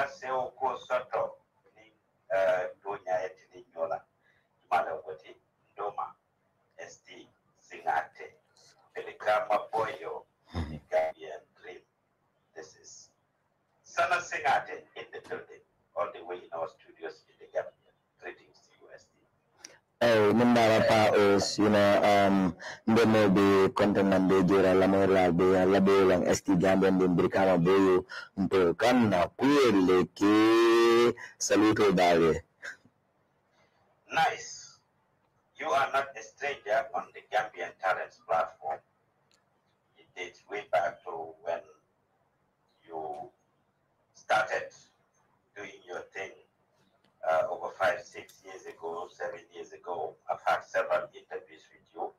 naseo ko soto ni eh, donya eti ni nyola mala woti ndoma sd singate elikama boyo the hmm. Gambian dream this is sana singate in the building all the way in Austria Oh, Mandara Paos, you know, um, hindi mo be content ng video ra lamo ra be labo lang ST Gambian din brikama boyo unto kan na kuele ke saluto dale. Nice. You are not a stranger on the Gambian Talents platform. It dates way back to when you started doing your thing uh, over five, six ago, seven years ago, I've had several interviews with you.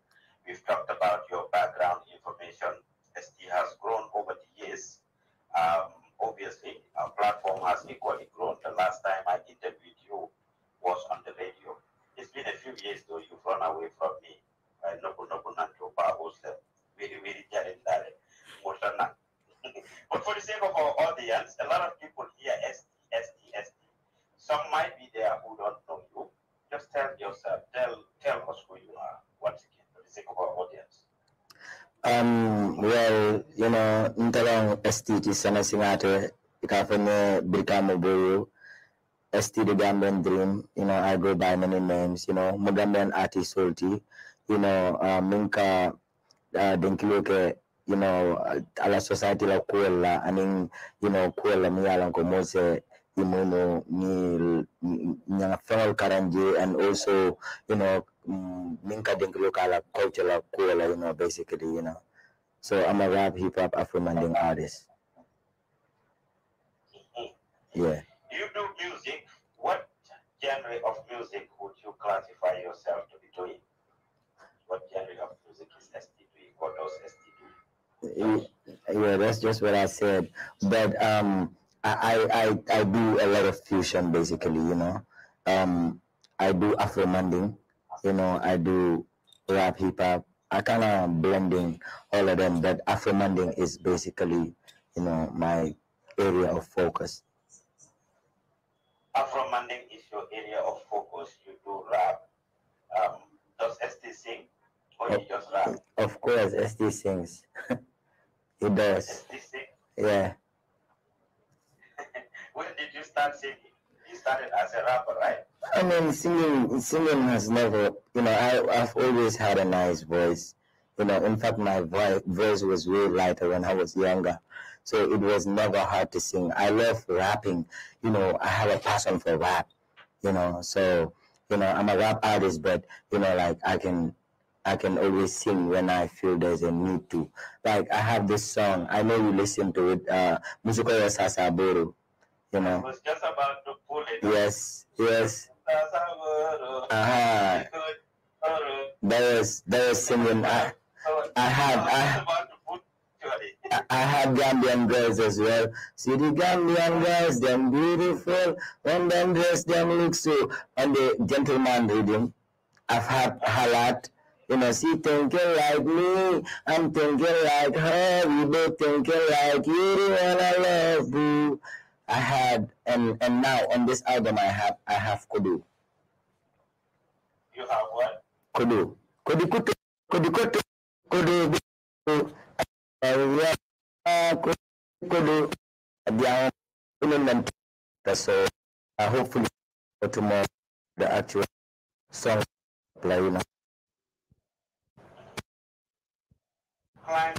We've talked about your background information. ST has grown over the years. Um, obviously, our platform has equally grown. The last time I interviewed you was on the radio. It's been a few years, though, you've run away from me. Uh, Nobu Nobu our Bahosle, very, very Jarendare, But for the sake of our audience, a lot of people here. ST, ST, ST. Some might be there who don't know you just tell yourself, tell tell us who you are once again for the sake of our audience. Um, well, you know, ntalong STT sana singate ikafanya Brikamo Buru, STD the Gambian Dream, you know, I go by many names, you know, Mugambian artist Solti, you know, uh, Minka uh, Denkiloke, you know, uh, ala society la Kuela, mean, you know, Kuela Mialanko Mose, Kimono, ni Nyangafel Karanji, and also, you know, mm, Minka ding Dinkulukala cultural Kuala, you know, basically, you know. So I'm a rap, hip hop, Afro Manding artist. Yeah. You do music. What genre of music would you classify yourself to be doing? What genre of music is SD What does SD Yeah, that's just what I said. But um, I, I, I do a lot of fusion basically, you know. Um, I do Afro Manding, you know, I do rap, hip hop. I kind of blending all of them, but Afro Manding is basically, you know, my area of focus. Afro Manding is your area of focus. You do rap. Um, does ST sing or of, you just rap? Of course, ST sings. he does. ST sings. Yeah can't say he started as a rapper, right? I mean, singing singing has never, you know, I, have always had a nice voice. You know, in fact, my voice, voice was way lighter when I was younger. So it was never hard to sing. I love rapping. You know, I have a passion for rap, you know, so, you know, I'm a rap artist, but, you know, like I can, I can always sing when I feel there's a need to. Like I have this song, I know you listen to it, uh, Musuko Sasaburu. You know. I was just about to pull it. Yes, yes. Uh-huh. There's, there's singing. I, I have I, I, I have Gambian girls as well. See the Gambian girls, them beautiful. When them dress, them look so. and the gentleman rhythm, I've had a lot. You know, she thinking like me, I'm thinking like her. We both thinking like you, the one I love, boo. I had and and now on this album I have I have kudu. You have what? kudu. Kodu Kodu kudu Kodu Kodu Kodu Kodu Kodu Kodu so uh, hopefully for tomorrow the actual song playing. Hello.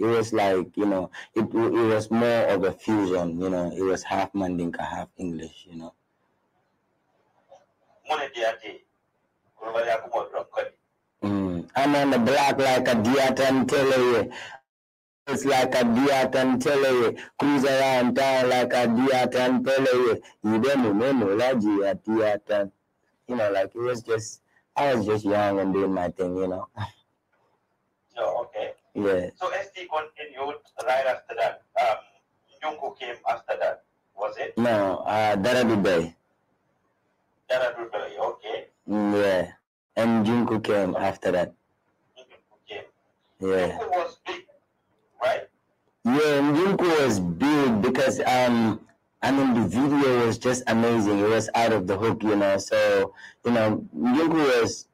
it was like you know it, it was more of a fusion you know it was half mandinka half english you know mm. am on the block like a diatan tele it's like a diatan tele cruise around town like a diatan tele you know like it was just i was just young and doing my thing you know Yes. So SD continued right after that. Um, Nyungu came after that, was it? No, uh, Daradubai. Daradubai, okay. Mm, yeah, and Junko came after that. came. Yeah. Junko was big, right? Yeah, Junko was big because um. I mean, the video was just amazing. It was out of the hook, you know. So, you know, Yungu was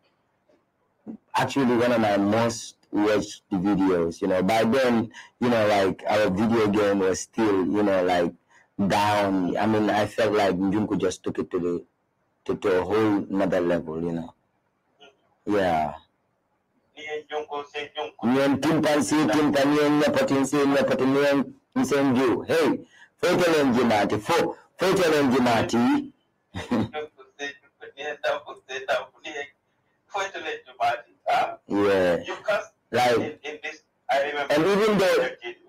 actually one of my most watch the videos. You know, by then, you know, like our video game was still, you know, like down. I mean, I felt like Junko just took it to the to, to a whole another level. You know, yeah. Hey, Yeah. You cast like, And even though,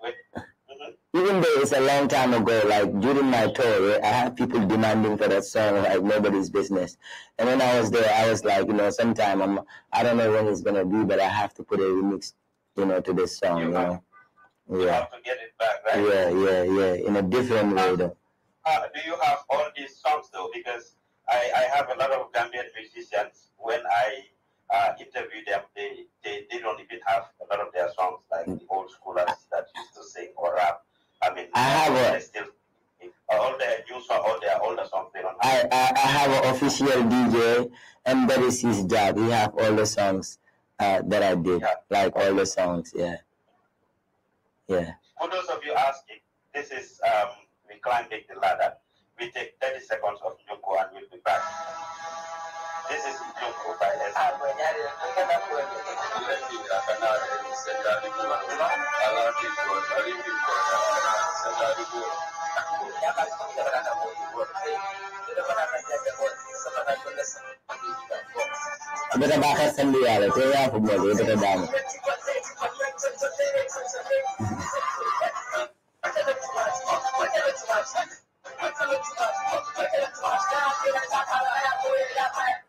mm-hmm. even though it's a long time ago, like during my tour, eh, I had people demanding for that song like nobody's business. And when I was there, I was like, you know, sometime I'm, I don't know when it's gonna be, but I have to put a remix, you know, to this song. You, you know? yeah. have to get it back, right? Yeah, yeah, yeah. In a different way, um, though. Uh, do you have all these songs though? Because I, I have a lot of Gambian musicians. When I uh, interview them, they, they, they don't even have a lot of their songs like the old schoolers that used to sing or rap. I mean, I have a, still, all their new songs, all their older songs, they don't have. I, I, have an official DJ, and that is his job. He have all the songs uh, that I did, yeah. like all the songs, yeah. Yeah. For those of you asking, this is um, we climb the ladder. We take 30 seconds of Nyoko and we'll be back. This is local violence. Ada bahasa sendiri, itu ya aku boleh itu kedang. Thank you.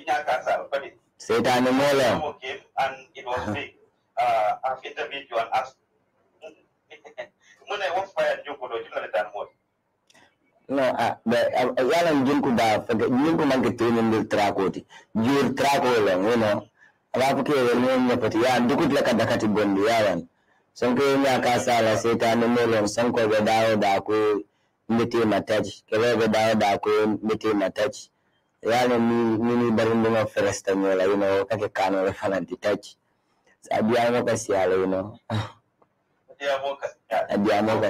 senior cancer colleague. Said and it was big. Uh, I've interviewed you and asked. I was fired you da da what? No, yalan jinku da jinku man ka tunin trakoti. Jur trakolan, you know. Rafu ke wani ya fati ya duk laka da kati gondi yawan. Sun kai ya kasa la sai ta nimolon sun ko ga dawo da akwai mite yani mimi kake kano le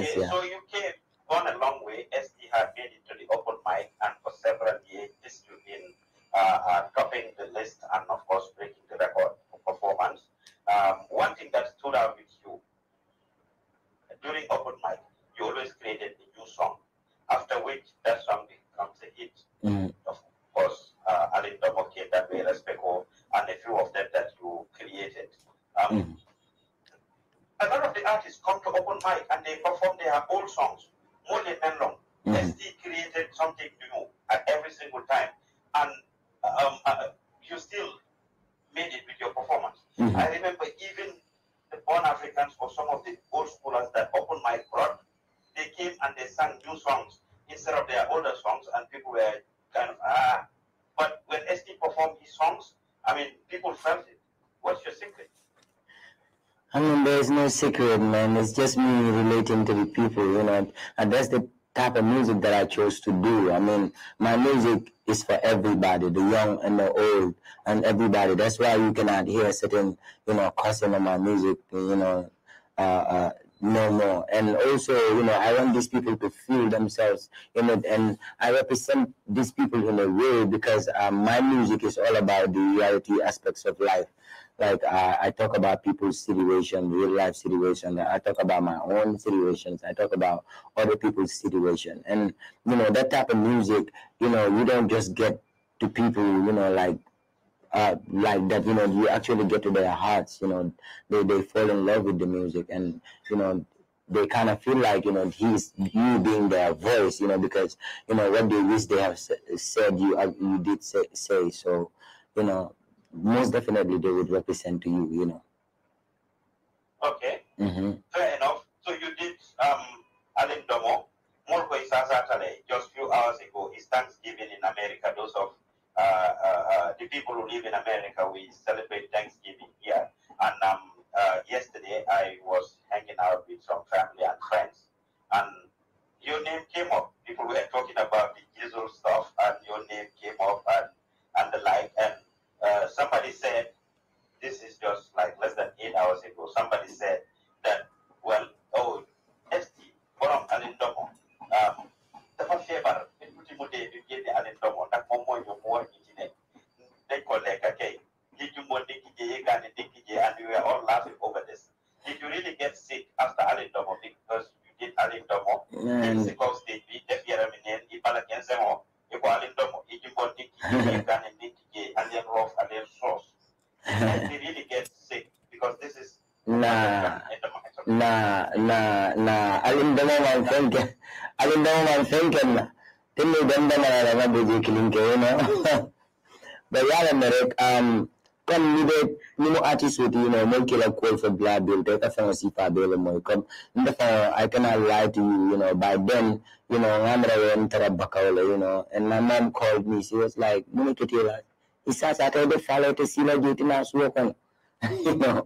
so you came gone a long way you had made it to the open mic and for several years this you've been uh, uh, topping the list and of course breaking the record for performance um, one thing that stood out with you during open mic you always created a new song after which that song becomes a hit mm. of course, uh, Alec Domoke, Dame Respeko, and a few of them that you created. Um, mm. A lot of the artists come to open mic and they perform their old songs, more than long. Mm. They still created something new at every single time. And um, uh, you still made it with your performance. Mm-hmm. I remember even the born Africans or some of the old schoolers that opened mic brought. they came and they sang new songs instead of their older songs, and people were kind of ah. But when SD performed his songs, I mean, people felt it. What's your secret? I mean, there's no secret, man. It's just me relating to the people, you know. And that's the type of music that I chose to do. I mean, my music is for everybody, the young and the old, and everybody. That's why you cannot hear certain, you know, cussing on my music, you know, uh, uh, no more. And also, you know, I want these people to feel themselves in it. And I represent these people in a way because uh, my music is all about the reality aspects of life. Like uh, I talk about people's situation, real life situation. I talk about my own situations. I talk about other people's situation. And, you know, that type of music, you know, you don't just get to people, you know, like uh, like that you know you actually get to their hearts you know they, they fall in love with the music and you know they kind of feel like you know he's you being their voice you know because you know what they wish they have said you uh, you did say, say so you know most definitely they would represent to you you know okay mm-hmm. fair enough so you did um Alin Domo Molko is just few hours ago is Thanksgiving in America those of the people who live in America, we celebrate Thanksgiving here. And um, uh, yesterday, I was hanging out with some family and friends, and your name came up. People were talking about the Jesus stuff, and your name came up, and and the like. And uh, somebody said, "This is just like less than eight hours ago." Somebody said that, "Well, oh, ST, Borom Alindomo, um, the first Timothy educated and someone that one more your more engineer. They collect okay. Did you more Nikki and Nikki and we were all laughing over this? Did you really get sick after Allen Domo because you did Allen Domo? Mm. Sick of state, be the Pieraminian, Ibalakan Zemo, Ibalin Domo, Idimbo Nikki, and Nikki, and then Ross and then sauce. Did you really get sick because this is. na na na na alin da mo man thinking alin da mo man thinking na Timmy Dunban and I remember the killing you know. but yeah, I'm um, comme ni de ni mo artist with you know mo kila call for black bill te ka fa si fa bill mo comme nda fa i cannot lie to you you know by then you know ngamra wen tara bakawla you know and my mom called me she was like mo ni kiti la isa sa te de follow te sila jiti na suwo kon you know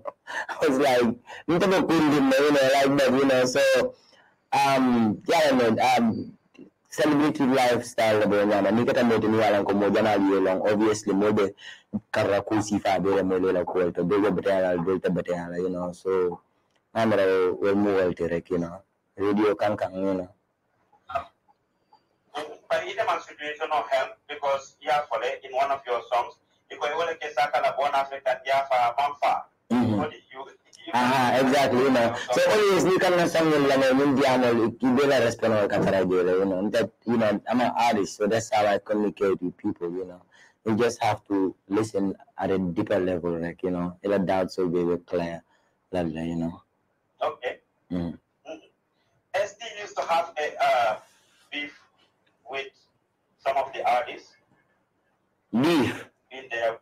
i was like nda mo kundi mo you know like that you know so um yeah I mean, um celebrity lifestyle na bere nyana ni kata mete ni yalan ko mo jana liye long obviously mo be karra ku si fa bere mo lela ko to be go betala do to betala you know so amara wel mo wel tere you radio kan kan you know but in a situation of help because yeah for in one of your songs mhm. you want to get saka na born africa yeah for bamfa mm -hmm. you Aha, exactly, you know. So oh, you obviously, kan na sang nila na yung diamol, ibila respond ako katara dito, you know. That you know, I'm an artist, so that's how I communicate with people, you know. You just have to listen at a deeper level, like you know, ila doubts, so be very clear, like you know. Okay. Mm. Mm-hmm. SD used to have a uh, beef with some of the artists. Beef. With the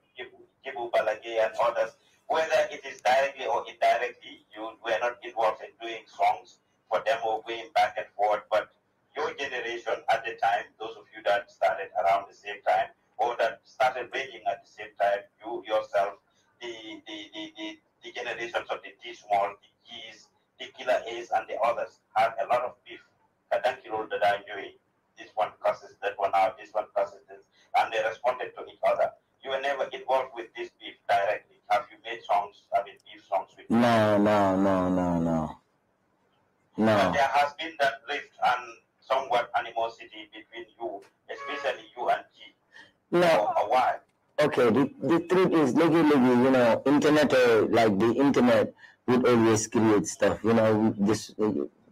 Gibu Balage and others whether it is directly or indirectly, you were not involved in doing songs for them or going back and forth, but your generation at the time, those of you that started around the same time or that started raging at the same time, you yourself, the the, the, the, the generations of the T small, the G's, the killer A's and the others had a lot of beef. Kadankiro that I knew This one causes that one out, this one causes this and they responded to each other. You were never involved with this beef directly have you made songs? I mean, if songs with? No, no, no, no, no. No. But there has been that rift and somewhat animosity between you, especially you and G. No. For a while. Okay, the, the truth is, looky, looky, you know, internet, uh, like the internet would always create stuff, you know, this,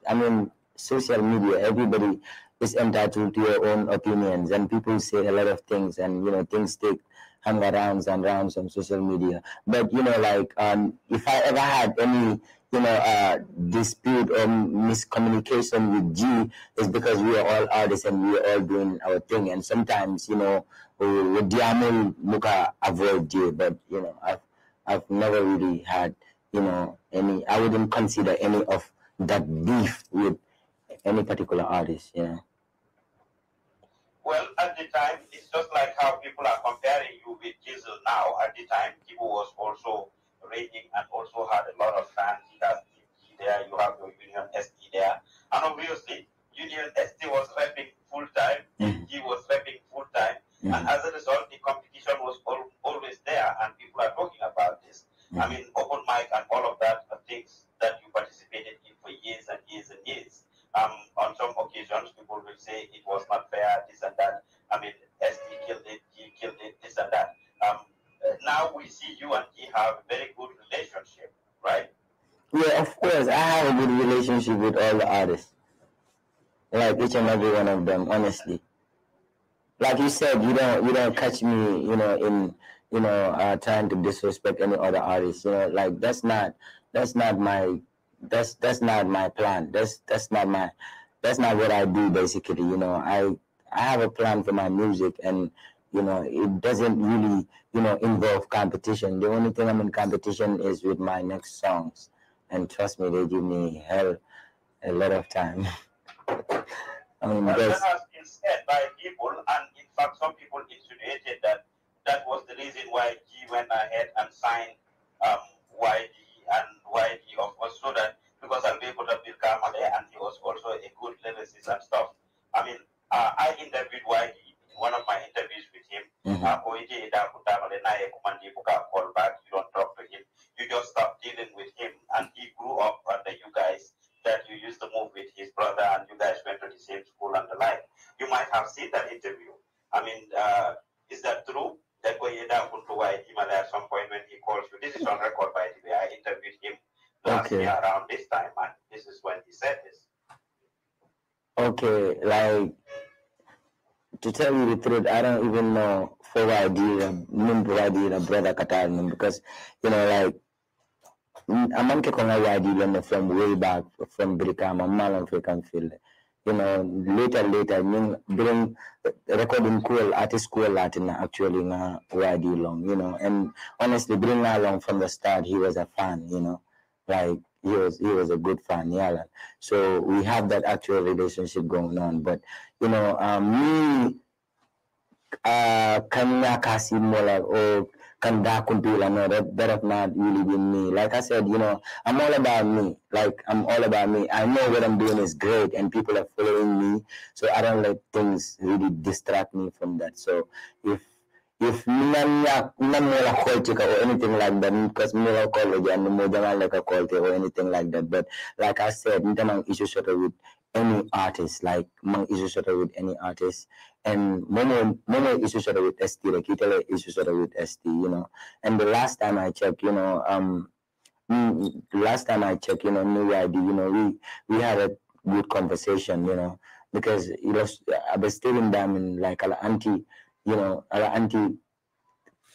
I mean, social media, everybody is entitled to your own opinions and people say a lot of things and, you know, things take hang around and rounds on social media. But you know, like um, if I ever had any you know uh, dispute or miscommunication with G, is because we are all artists and we are all doing our thing. And sometimes you know we diamond muka avoid G, but you know I've I've never really had you know any. I wouldn't consider any of that beef with any particular artist. You know. Well, at the time, it's just like how people are comparing you with Diesel now. At the time, people was also reigning and also had a lot of fans. You have there, you have your Union SD there. And obviously, Union SD was repping full time, mm he was repping full time. Mm. And as a result, the competition was always there, and people are talking about this. Mm. I mean, open mic and all of that are things that you participated in for years and years and years. Um, on some occasions, people will say it was not fair, this and that. I mean, ST killed it, he killed it, this and that. Um, uh, now we see you and he have a very good relationship, right? Yeah, of course. I have a good relationship with all the artists, like each and every one of them, honestly. Like you said, you don't you don't catch me, you know, in you know uh, trying to disrespect any other artist. You know, like that's not that's not my that's that's not my plan. That's that's not my that's not what I do basically. You know, I I have a plan for my music and you know it doesn't really you know involve competition. The only thing I'm in competition is with my next songs, and trust me, they give me hell a lot of time. I mean, been said by people, and in fact, some people insinuated that that was the reason why he went ahead and signed um, YG and why he was so that because i Albe able to become Malay and he was also a good lyricist and stuff. I mean, uh, I interviewed Wahi in one of my interviews with him. Mm-hmm. Uh, Call back, you don't talk to him. You just stop dealing with him. And he grew up under you guys that you used to move with his brother and you guys went to the same school and the like. You might have seen that interview. I mean, uh, is that true? That Tekoye Kuntuwa Jimala at some point when he calls you. This is on record, by the way. I interviewed him last okay. year around this time, and this is when he said this. Okay, like to tell you the truth, I don't even know for what I did, I did, brother because you know, like I'm on Kekonga Wadi from way back from Brikama, Malon Freaking Field you know, later, later, during recording cool, artist cool Latin actually na Wadi Long, you know. And honestly, Bring along from the start, he was a fan, you know, like he was he was a good fan, yeah. So we have that actual relationship going on. But you know, um, me, uh, Kanya Kasi more like oh come back and do I know that that have not really been me. Like I said, you know, I'm all about me. Like I'm all about me. I know what I'm doing is great and people are following me. So I don't let things really distract me from that. So if if not or anything like that, because Miller College and Modern like a cult or anything like that. But like I said, I'm issue with any artist, like my issue with any artist and Momo Momo is are with ST, like Italy is are with ST, you know. And the last time I checked, you know, um, mm, last time I checked, you know, New ID, you know, we we had a good conversation, you know, because you know I was in them in like an anti, you know, an anti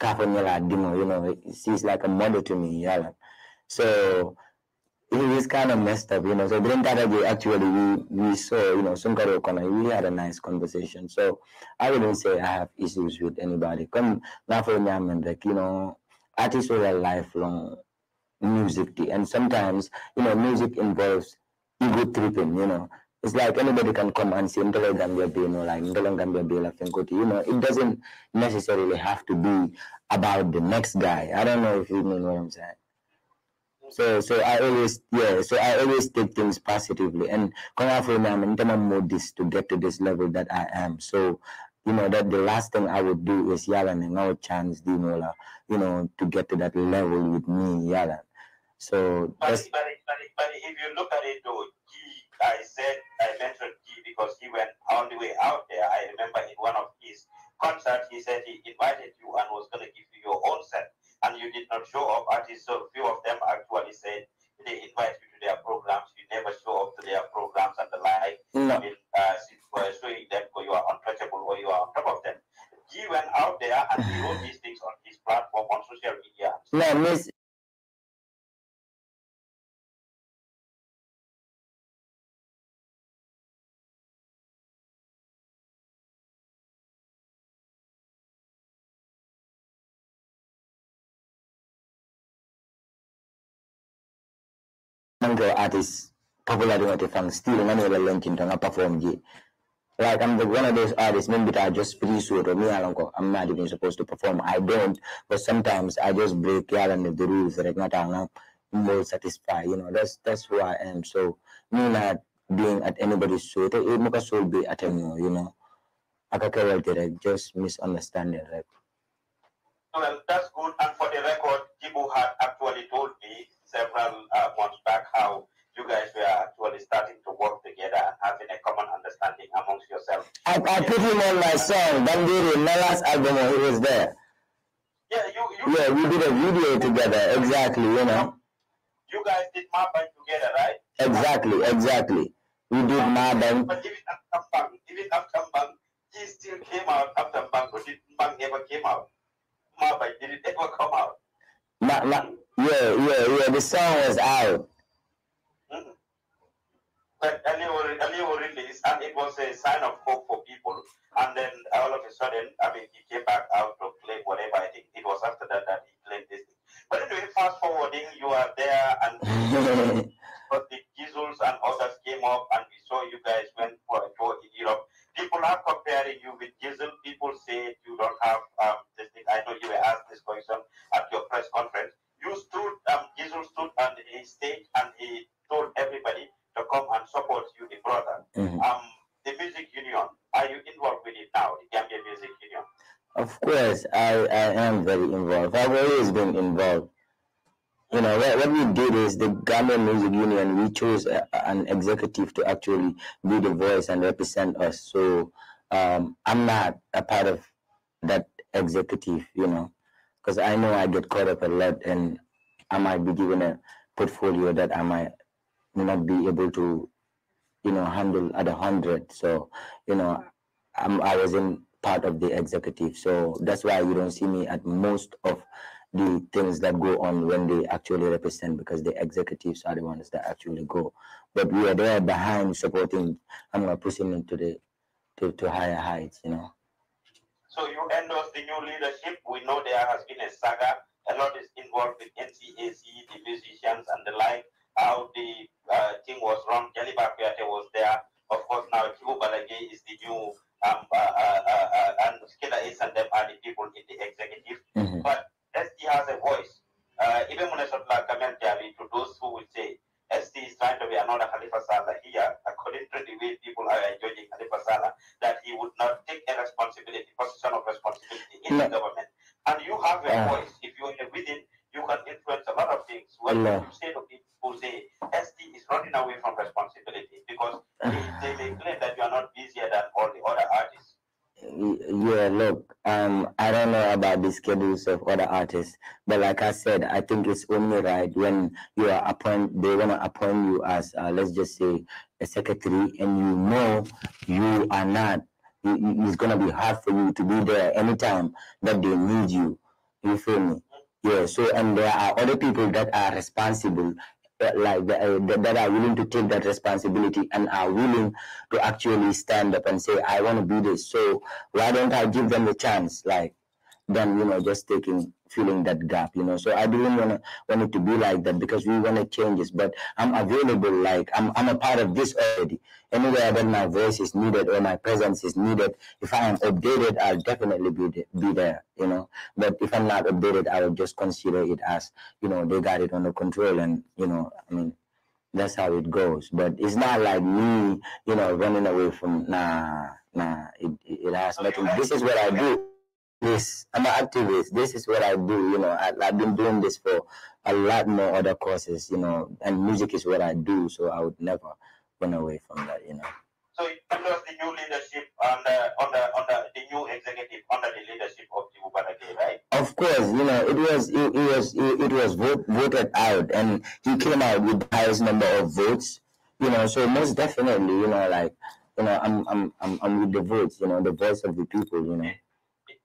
Caponella Dimo, you know, she's like a mother to me, yeah. So he was kind of messed up, you know. So during that day, actually, we we saw, you know, Sunkaro O'Connor. We had a nice conversation. So I wouldn't say I have issues with anybody. Come not for me, I'm like, you know, artists are lifelong music, and sometimes, you know, music involves ego tripping, you know. It's like anybody can come and say Ndolo Gambia Bay, you know, like Ndolo Gambia Bay La You know, it doesn't necessarily have to be about the next guy. I don't know if you know what I'm saying. So so I always yeah, so I always take things positively and coming out from I'm in terms of this to get to this level that I am. So you know that the last thing I would do is Yalan and now chance Dinola, you know, to get to that level with me, Yalan. So but, But, but, but if you look at it though, G, I said I mentioned G because he went all the way out there. I remember in one of his concerts he said he invited you and was gonna give you your own set and you did not show up. At least so few of them actually said they invite you to their programs, you never show up to their programs and the like. Mm. I mean, uh, showing them you are untouchable or you are on top of them. He went out there and he wrote these things on his platform on social media. No, miss, jungle artist, popular what if I'm still manuel lenkin to perform Like I'm the one of those artists, maybe I just free suit or me alone, I'm not even supposed to perform. I don't, but sometimes I just break yeah, and the rules that not I'm more satisfied. You know, that's that's who I am. So me not being at anybody's suit, it must all be at you, you know. I can't just misunderstanding right? Well, that's good. And for the record, Jibu had actually told me several uh, months back how you guys were actually starting to work together and having a common understanding amongst yourselves. I, I put him on my song, Bandiri, my last album, he was there. Yeah, you, you yeah, we did a video together, exactly, you know. You guys did Mabang together, right? Exactly, exactly. We did Mabang. But even after Bang, even after Bang, he still came out after Bang, but Bang never came out. Mabang didn't ever come out. My, my, yeah, yeah, yeah. The song was out. and it was a sign of hope for people. And then all of a sudden, I mean, he came back out to claim whatever. I think it was after that that he claimed this. But anyway, fast forwarding, you are there, and am very involved. I've always been involved. You know, what, we did is the Gambia Music Union, we chose a, an executive to actually be the voice and represent us. So um, I'm not a part of that executive, you know, because I know I get caught up a lot and I might be given a portfolio that I might not be able to, you know, handle at a hundred. So, you know, I'm, I was in part of the executive. So that's why you don't see me at most of the things that go on when they actually represent because the executives are the ones that actually go. But we are there behind supporting I'm gonna push him into the to, to higher heights, you know. So you endorse the new leadership. We know there has been a saga. A lot is involved with NCAC, the musicians and the like, how the uh, thing was run. Jennifer Piate was there. Of course, now Chibu Balagay is the new uh, uh, and Muskila is and them are the people in the executive. Mm-hmm. But SD has a voice. Uh, even when Munesotla commentary to those who would say SD is trying to be another Khalifa Salah here, uh, according to the way people are judging Khalifa Salah, that he would not take a responsibility, position of responsibility in the government. And you have a ah. voice if you are within you can influence a lot of things. What yeah. you say to people say ST is running away from responsibility because they, they, claim that you are not busier than all the other artists. Yeah, look, um, I don't know about the schedules of other artists, but like I said, I think it's only right when you are appoint, they want to appoint you as, uh, let's just say, a secretary, and you know you are not, it's gonna be hard for you to be there anytime that they need you. You feel me? Yeah, so and there are other people that are responsible, eh, that, like uh, that are willing to take that responsibility and are willing to actually stand up and say, "I want to be this." So why don't I give them the chance? Like, then you know, just taking filling that gap you know so i didn't want to want it to be like that because we want to change this but i'm available like I'm, I'm a part of this already anywhere that my voice is needed or my presence is needed if i am updated i'll definitely be, be there you know but if i'm not updated i will just consider it as you know they got it under control and you know i mean that's how it goes but it's not like me you know running away from nah nah it, it has nothing this is what i do I'm an activist. This is what I do. You know, I, have been doing this for a lot more other courses. You know, and music is what I do, so I would never run away from that. You know. So you lost the new leadership under under under the new executive under the leadership of the Ubanake, right? Of course, you know it was it, it was it, it was vote, voted out, and he came out with the highest number of votes. You know, so most definitely, you know, like you know, I'm I'm I'm, I'm with the votes. You know, the voice of the people. You know.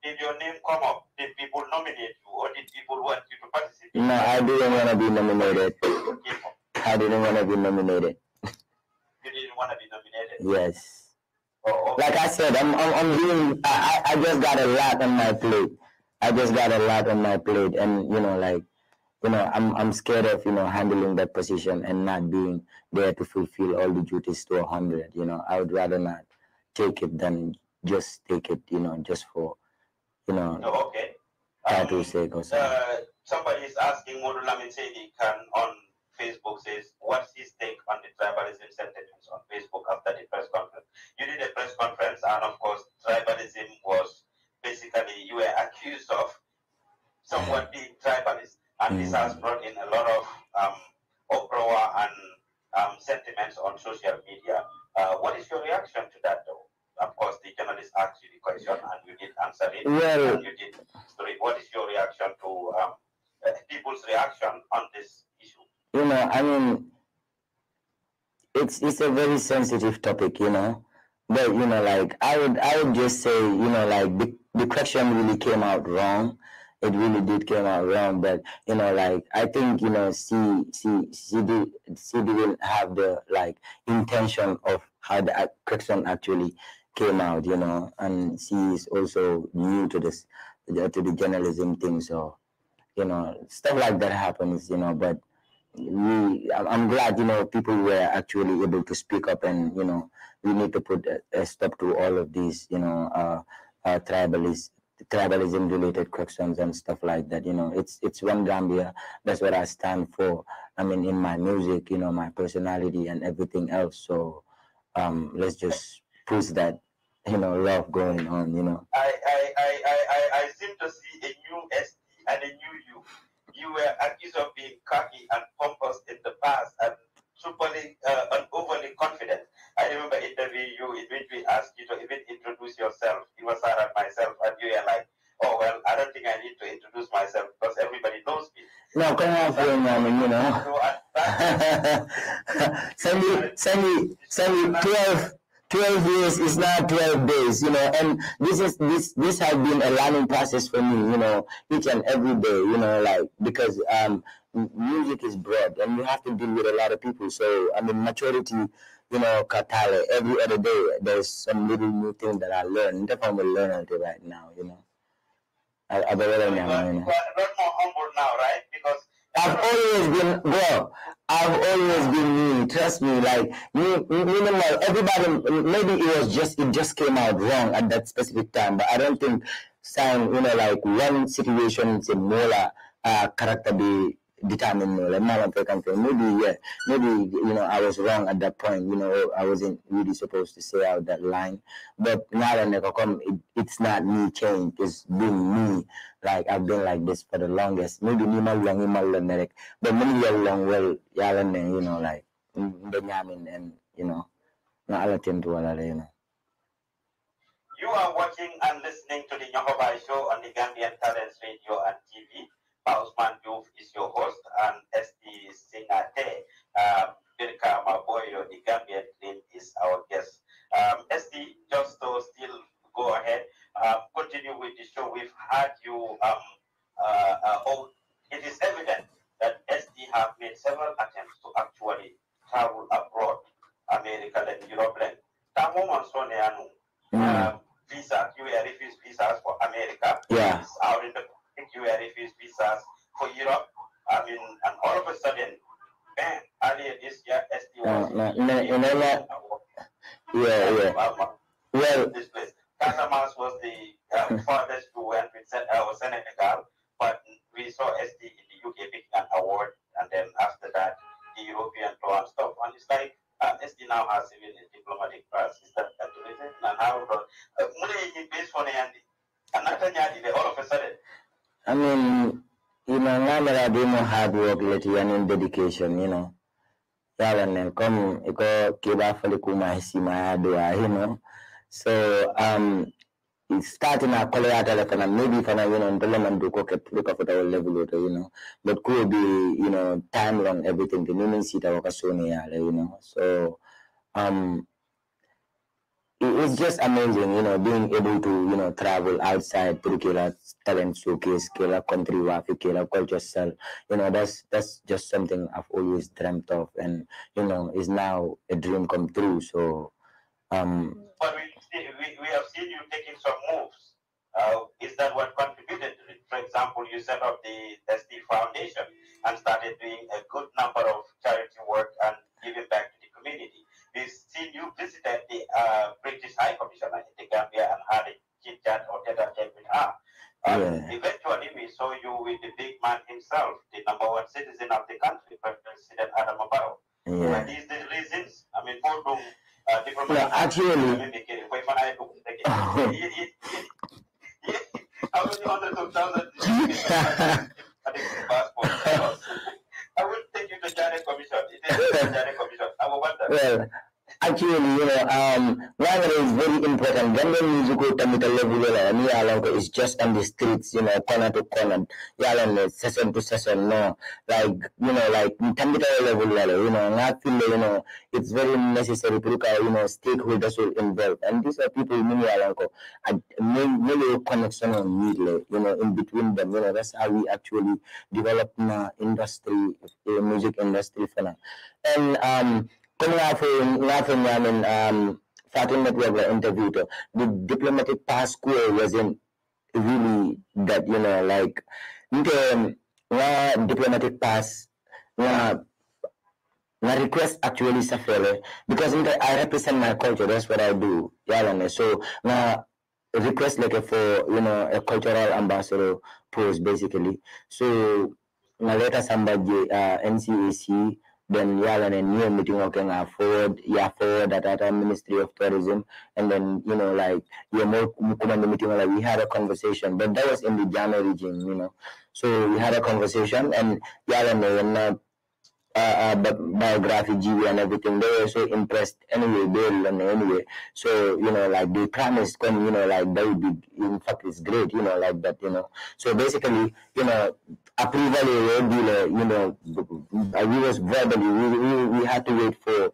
Did your name come up? Did people nominate you or did people want you to participate? No, I didn't want to be nominated. I didn't want to be nominated. You didn't want to be nominated? Yes. Oh, okay. Like I said, I'm, I'm, I'm doing, I, I just got a lot on my plate. I just got a lot on my plate. And, you know, like, you know, I'm, I'm scared of, you know, handling that position and not being there to fulfill all the duties to 100. You know, I would rather not take it than just take it, you know, just for you know, oh, okay. try um, uh, Somebody is asking Modula can on Facebook says, what's his take on the tribalism sentiments on Facebook after the press conference? You did a press conference, and of course, tribalism was basically you were accused of somewhat being tribalist, and mm. this has mm. brought in a lot of um, uproar and um, sentiments on social media. Uh, what is your reaction to that, though? Of course, the journalist asked you the question and you did answer it. Well, and you did. what is your reaction to um, people's reaction on this issue? You know, I mean, it's it's a very sensitive topic, you know. But you know, like I would I would just say, you know, like the, the question really came out wrong. It really did came out wrong, but you know, like I think you know, she C D C didn't have the like intention of how the question actually came out, you know, and she's also new to this, to the journalism thing. So, you know, stuff like that happens, you know, but we, I'm glad, you know, people were actually able to speak up and, you know, we need to put a, a stop to all of these, you know, uh, uh, tribalist, tribalism related questions and stuff like that. You know, it's, it's one Gambia. That's what I stand for. I mean, in my music, you know, my personality and everything else. So, um, let's just push that you know love going on. You know. I I I I, I seem to see a new SD and a new you. You were accused of being cocky and pompous in the past and superly uh, and overly confident. I remember interviewing you in which we asked you to even introduce yourself. It was Sarah and myself, and you were like, "Oh well, I don't think I need to introduce myself because everybody knows me." No, come on, film, I mean, you know. send me, send me, send me twelve, 12 years is not 12 days, you know, and this is, this, this has been a learning process for me, you know, each and every day, you know, like, because, um, music is broad and you have to deal with a lot of people. So, I mean, maturity, you know, Katale, every other day, there's some little new thing that I learn. That's what I'm learning until right now, you know. I, I better now, you know. you more humble now, right? Because I've always been well. I've always been mean. Trust me, like you minimal. Everybody, maybe it was just it just came out wrong at that specific time. But I don't think, saying you know, like one situation is a mola uh, character be determine more. Like Marlon, maybe yeah, maybe you know I was wrong at that point. You know, I wasn't really supposed to say out that line. But now that I come, it, it's not me change. It's been me. Like I've been like this for the longest. Maybe ni malong, long malong merek. But many long well, yalan you know like Benjamin and you know, na alatin to you know. You are watching and listening to the Nyongobai Show on the Gambian Talents Radio and TV. Usman Diouf is your host, and SD Singate um, Birka Maboyo, the Gambian Queen is our guest. Um, SD, just to still go ahead, uh, continue with the show. We've had you, um, uh, uh, oh, it is evident that SD have made several attempts to actually travel abroad, America and Europe. Tamo Mansone Anu, mm. um, visa, you refused visas for America. Yeah. It's out different refused visas for Europe. I mean, and all of a sudden, bam, earlier this year, ST was. No, no, no, no, no. Yeah, yeah. Well, this place. Casamance was the um, farthest to when we our uh, Senegal, but we saw ST in the UK picking an award, and then after that, the European tour and stuff. And it's like, uh, SD now has even a diplomatic crisis uh, that activated, and now, uh, based on the and all of a sudden, I mean, you know, now that I do more hard work lately and in dedication, you know, yala nel comme iko kiba fali kuma heshima ya dua, you know. So um, starting a kole ata le kana maybe kana you know ndole man duko ke look up our level you know. But could be you know time long everything the meaning sita waka sone yale, you know. So um it's just amazing, you know, being able to, you know, travel outside Purukera talent showcase, Kerala country wafi, Kerala culture cell. You know, that's that's just something I've always dreamt of and you know, is now a dream come true. So um But we see, we, we have seen you taking some moves. Uh, is that what contributed to it? For example, you set up the SD Foundation and started doing a good number of charity work and giving back to the community is still you visited the uh, British High Commissioner in the Gambia and had a chit chat or get a chat with her. Um, yeah. Eventually, we saw you with the big man himself, the number one citizen of the country, President Adam Barrow. Yeah. These the reasons. I mean, for them, uh, different. Well, actually. How many hundreds of thousands? Commission. It is Commission. actually, you know, um, is very important. Gambian musical tamita level, and Yalonko is just on the streets, you know, corner to corner, yalan, session to session, no. Like, you know, like, tamita level, you know, I feel, you know, it's very necessary because, you know, stakeholders will involve. And these are people, many Yalonko, many connection on middle, you know, in between them, you know, that's how we actually develop the industry, the music industry for now. And, um, comme ngaa fo ngaa fo ñaamen Fatoumata Diop interview to the diplomatic passport wasn't really that you know like nte nga diplomatic pass nga my request actually suffer because I represent my culture. That's what I do. Yeah, so now request like for you know a cultural ambassador post basically. So my letter somebody uh, NCAC then you have a new meeting, okay, now forward, yeah, forward at that Ministry of Tourism. And then, you know, like, you're more the meeting, like, we had a conversation, but that was in the Jama region, you know. So we had a conversation, and yeah, and then, uh, uh, uh biography, GV and everything. They were so impressed anyway, they learn anyway. So, you know, like they promised come, you know, like they would be in fact it's great, you know, like that, you know. So basically, you know, approval a dealer, you know, we was verbally, we, we, we had to wait for,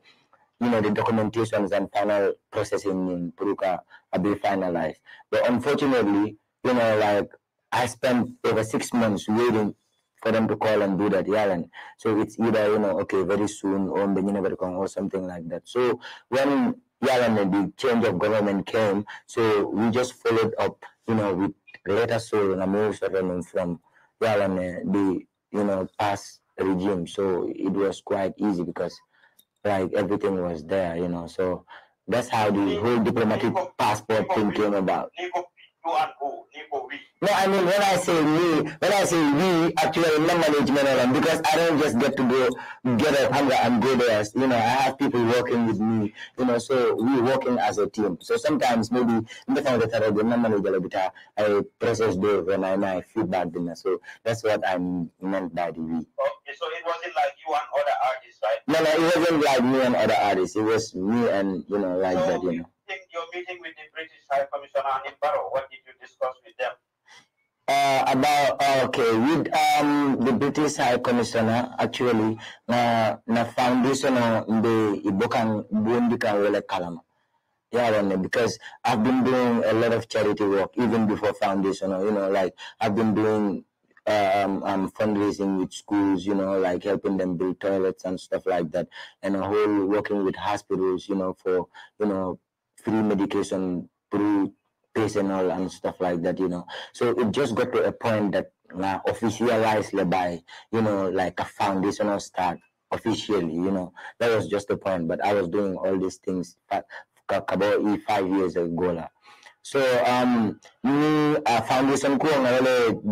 you know, the documentations and final processing in Puruka to be finalized. But unfortunately, you know, like I spent over six months waiting for them to call and do that, yeah. And so it's either, you know, okay, very soon or or something like that. So when yeah, and the change of government came, so we just followed up, you know, with letters so and a move from well yeah, on the you know past regime so it was quite easy because like everything was there you know so that's how the whole diplomatic passport thing came about no, I mean, when I say we, when I say we, actually, in not management alone, because I don't just get to go get up hunger and go there. You know, I have people working with me, you know, so we working as a team. So sometimes maybe in the time that the manager bit uh, I process the when I my feedback dinner. Uh, so that's what I meant by the we. Okay, so it wasn't like you and other artists, right? No, no, it wasn't like me and other artists. It was me and you know, like so, that, you know meeting, your meeting with the British High Commissioner Anim Barrow, what did you discuss with them? Uh, about uh, okay with um the British High Commissioner actually na na foundation the ibokan bundika wele kalama yeah I know, because I've been doing a lot of charity work even before foundation you know like I've been doing um, um, fundraising with schools, you know, like helping them build toilets and stuff like that, and a whole working with hospitals, you know, for you know through medication, through pills and all and stuff like that, you know. So it just got to a point that uh, officialized by, you know, like a foundational start officially, you know. That was just the point. But I was doing all these things about five years ago. So um, me, uh, Foundation ko ang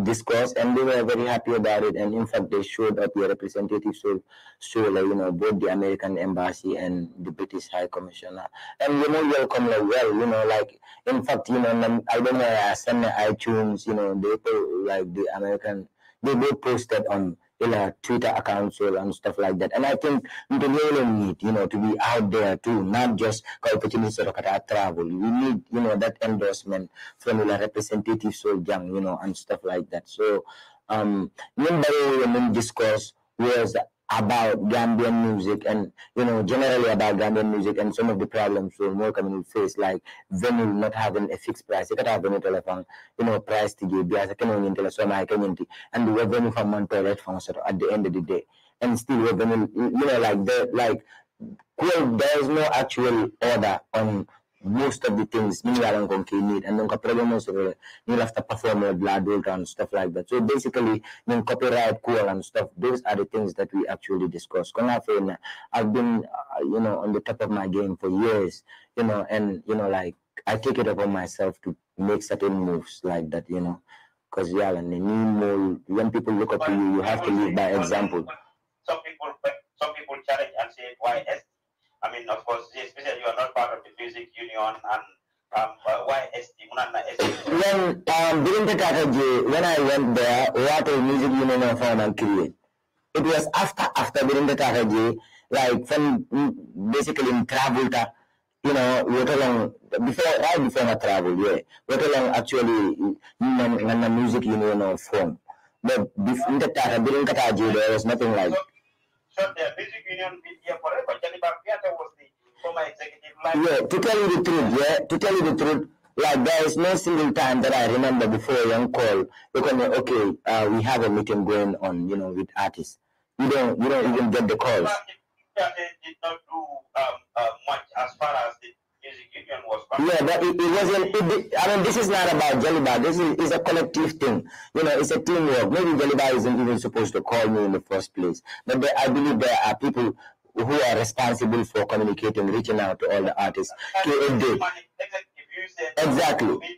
discuss and they were very happy about it. And in fact, they showed up their representatives so, show like, you know, both the American Embassy and the British High Commissioner. And, you know, welcome like, well, you know, like, in fact, you know, I don't know, I uh, send my iTunes, you know, they, like, the American, they, both posted on you know, Twitter accounts and stuff like that. And I think we really need, you know, to be out there too, not just opportunities to travel. We need, you know, that endorsement from the representative so young, you know, and stuff like that. So um yung bago yung discourse was about Gambian music and you know generally about Gambian music and some of the problems so more commonly face like venue not having a fixed price. You could have venue telephone, you know, price to give bias can only tell so my community and the venue from Monterey from at the end of the day. And still revenue you know like the like well, there is no actual order on most of the things Mingalang Konkilid and then kaproblema sila you'll have to perform your blood ultra and stuff like that. So basically yung copyright cool and stuff, those are the things that we actually discuss. Kung I've been uh, you know on the top of my game for years, you know, and you know like I take it upon myself to make certain moves like that, you know. Because yeah, and they need more when people look up but to you, you have to live by example. some people some people challenge and say why is? I mean, of course, especially you are not part of the music union and um, uh, ST. When, um, during the Tataji, when I went there, what a music union of and created. It was after, after during the Tataji, like from mm, basically in travel, you know, what along, before, right before my travel, yeah, what along actually, in mm, the mm, music union of form. But before, during the Tataji, there was nothing like so the music union will be here forever. Jennifer my Yeah, to tell you the truth, yeah, to tell you the truth, like there is no single time that I remember before a young call, look okay, uh, we have a meeting going on, you know, with artists. You don't you don't even get the calls. as far as the yeah, but it, it wasn't. It, I mean, this is not about Jaliba. This is it's a collective thing. You know, it's a teamwork. Maybe Jaliba isn't even supposed to call me in the first place. But there, I believe there are people who are responsible for communicating, reaching out to all the artists. KFD. Exactly. to.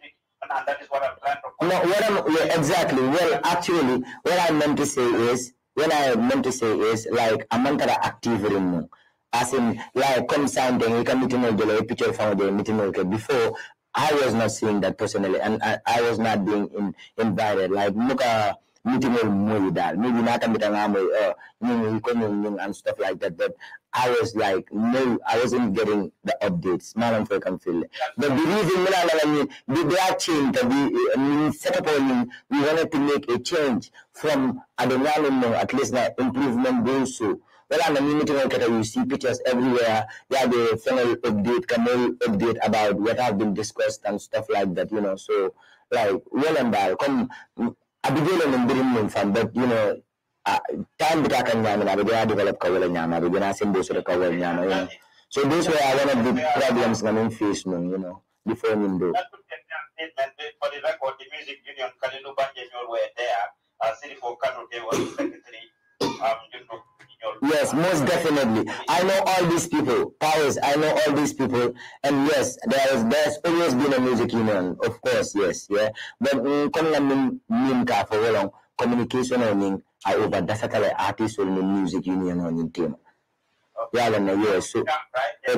No, what I'm yeah, exactly. Well, actually, what I meant to say is, what I meant to say is, like, I'm not active anymore. As in, like, come something, you can meet the picture from the meeting okay. Before, I was not seeing that personally, and I, I was not being in, invited. Like, look, uh, meeting her movie that maybe not a meeting uh you know and stuff like that but I was like no I wasn't getting the updates I for feel but the reason I mean we are changed we I mean set up on we wanted to make a change from I at least that improvement doing so well, I'm a meeting marketer. You see pictures everywhere. Yeah, the final update, canal update about what have been discussed and stuff like that. You know, so like well and bad. Come, abijela nambirin mun fan but you know time bita kan nyama na abijela develop kawala nyama abijela sin bosu da kawala nyama you know so this were one of the problems na mun face mun you know before mun do for the record the music union there uh, city for they was secretary um you know Yes, most definitely. I know all these people, Powers. I know all these people, and yes, there is there's always been a music union, of course. Yes, yeah. But coming mm, min ka for long communication on I over that's a kind artist on the music union on the team. Yeah, I know. Yeah, so there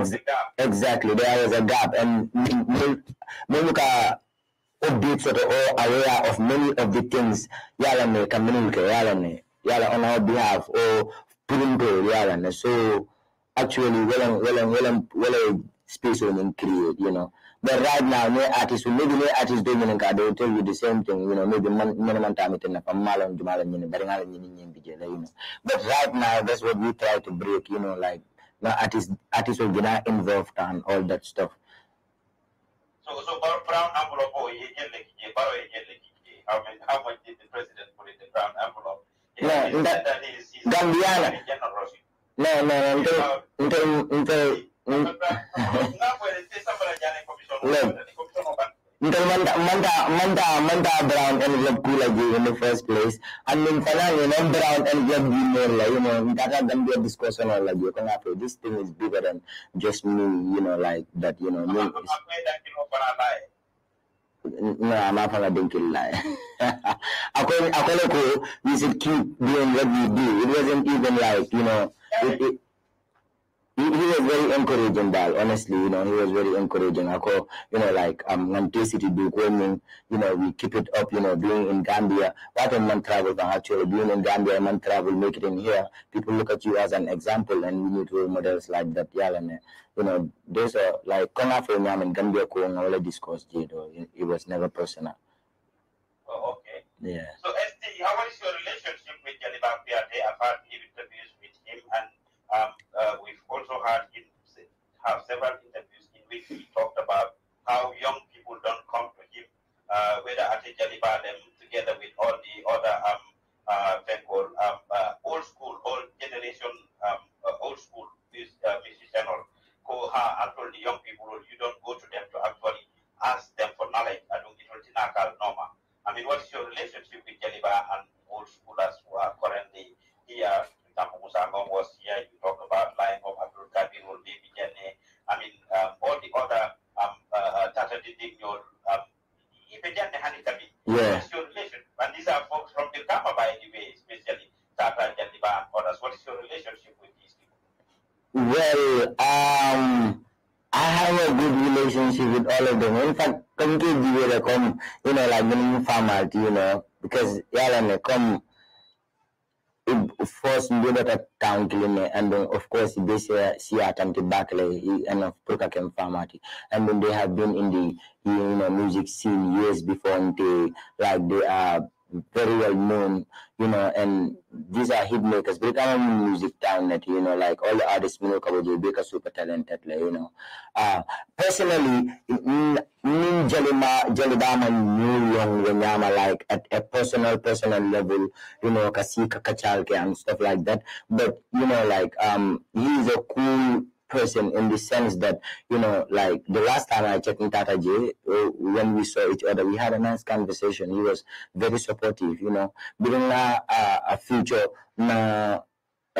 ex- exactly there is a gap, and when look at updates or all aware of many of the things. Yeah, I know. Uh, Communicate. Yeah, I know. Uh, yeah, on our behalf or putting goal, you know. So actually well well well well space women create, you know. But right now, no artist, maybe no artist dominant card, they will tell you the same thing, you know, maybe minimum time it in a malam jumalan but you know. But right now that's what we try to break, you know, like no artist artists will get involved and all that stuff. So so brown envelope how much did the president put in the brown envelope? nah no, Gambiana no no no no, No. no, manta manta manta manta brown no, ku lagi in the first place and no, no, no, no, no, no, di no, no, you know no, gambia kan kan discussion no, lagi no, no, no, this thing is bigger than just me you know like that you know no, No, I'm not my father did I kill I Akweleko, we should keep doing what we do. It wasn't even like, you know, it, it, he, was very encouraging that honestly you know he was very encouraging I call you know like i um man city women you know we keep it up you know being in Gambia that when man travel? and actually being in Gambia man travel make it in here people look at you as an example and we need role models like that yeah and you know there's a like come after me I'm in Gambia going all the discourse or it was never personal oh, okay yeah so ST how is your relationship And Famati. I mean, they have been in the you know music scene years before, and they like they are very well known, you know, and these are hit makers. But I'm music talent, that you know, like all the artists, you know, Kabojo, Baker, super talented, like, you know. Uh, personally, me Jalima Jalibama knew young Wenyama like at a personal, personal level, you know, Kasika Kachalke and stuff like that. But you know, like um, he's a cool person in the sense that you know like the last time i checked in tata j uh, when we saw each other we had a nice conversation he was very supportive you know bila a a future na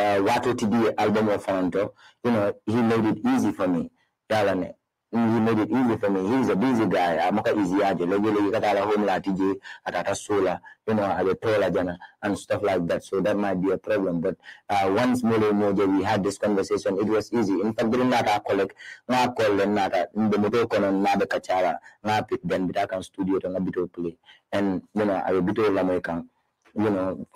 uh, watu td album wafanto you know he made it easy for me yalane he made it easy for me. He's a busy guy. I'm not easy aje. Lege lege kata ala home la tije atata sola. You know, a hajatola jana and stuff like that. So that might be a problem. But uh, once Mule Moje, we had this conversation, it was easy. In fact, during that, I collect, na call them, na the motoko na na a kachara, na pick them, bitaka studio to na bito play. And, you know, I will bito la moikang you know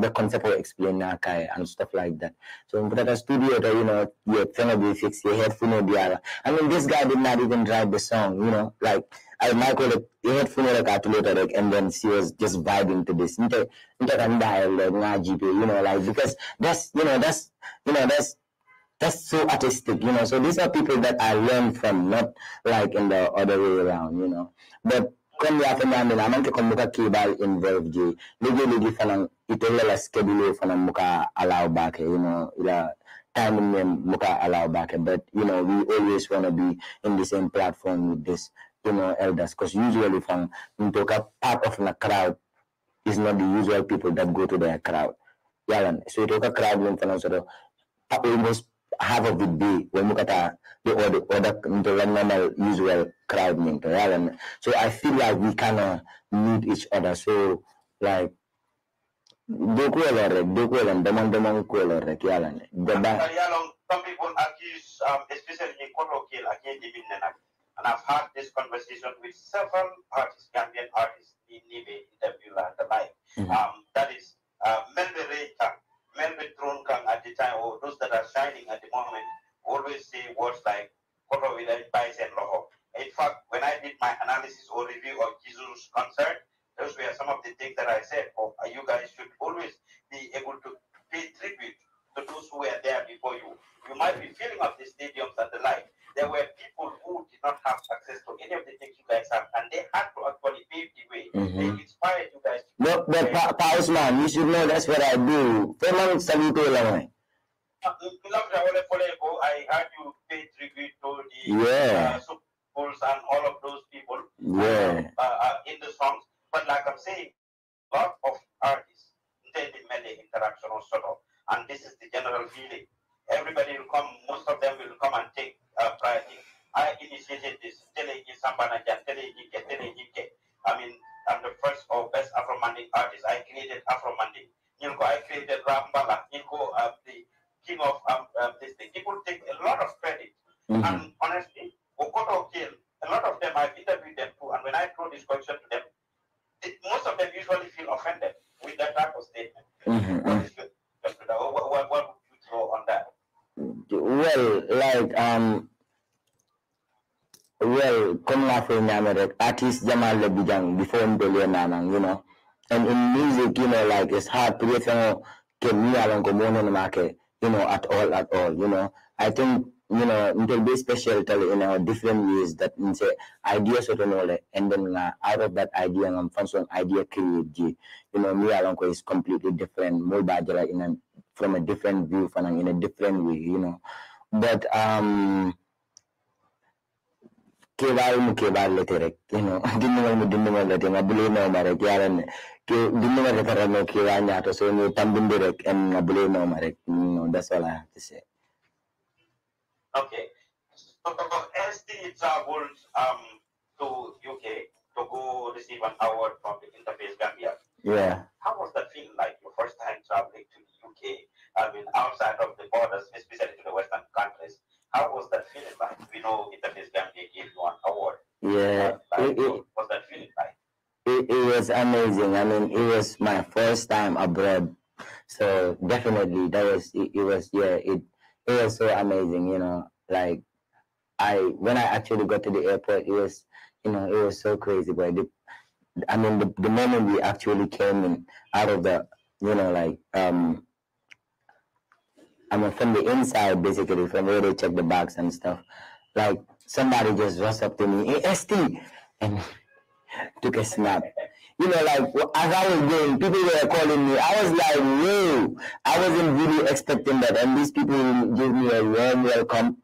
the concept of explain nakai eh, and stuff like that so in the studio you know yeah phonographics your headphone diara i mean this guy did not even write the song you know like i michael like headphone like calculator like and then she was just vibing to this inter dial like you know like because that's you know that's you know that's that's so artistic you know so these are people that i learn from not like in the other way around you know but comme yaata gambia na amante kon muka kibal involve je ligi ligi fanan itolla la schedule fanan muka allow back you know ila time name muka allow back but you know we always want to be in the same platform with this you know elders because usually from mtoka part of the crowd is not the usual people that go to their crowd yalan so a crowd when fanan sort of almost half of the day when mukata the other the normal usual crowd Right? And so I feel like we kind of need each other. So like some people accuse, um, especially in Kotokil, again, and I've had this conversation with several artists, Gambian artists, in Nibe, interview and the like. Mm -hmm. um, that is, uh, Melbe Reita, Melbe Tronkang at the time, or those that are shining at the moment, always say words like, Koto will advise and Loho. In fact, when I did my analysis or review of Jesus' concert, those were some of the things that I said. Oh, uh, you guys should always be able to pay tribute to those who were there before you. You might be filling up the stadiums and the like. There were people who did not have access to any of the things you guys have, and they had to actually pave the way. Mm-hmm. They inspired you guys. No, but pa- pa- Usman, you should know that's what I do. Femang saluto lang. I heard you pay tribute to the yeah. Uh, like it's hard to get uh, que mira lo común en market, you know, at all, at all, you know. I think, you know, it'll be special tell in a different ways that means uh, ideas sort of and then uh, out of that idea and um, function idea created you know, mira lo is completely different, more badger in a from a different view from in a different way, you know. But um kebar mu kebar leterek, you know, dindimal mu dindimal leterek, I believe no matter, ke dun na ka no ke wa to so ni tambin direk en na bule no marek no mm, that's all i have to say okay so SD is um to UK to go receive an award from the Interface Gambia. Yeah. How was that feel like your first time traveling to the UK? I mean, outside of the borders, especially to the Western countries. How was that feeling like? We know Interface Gambia gave you an award. Yeah. Like, it, it, what was that feeling like? it, it was amazing. I mean, it was my first time abroad, so definitely that was it, it was yeah it it was so amazing. You know, like I when I actually got to the airport, it was you know it was so crazy. But the, I mean, the, the moment we actually came in out of the you know like um I mean, from the inside, basically, from where they check the box and stuff. Like, somebody just rushed up to me, hey, ST! And took a snap. You know, like as I was going, people were calling me. I was like, whoa, I wasn't really expecting that. And these people gave me a warm welcome.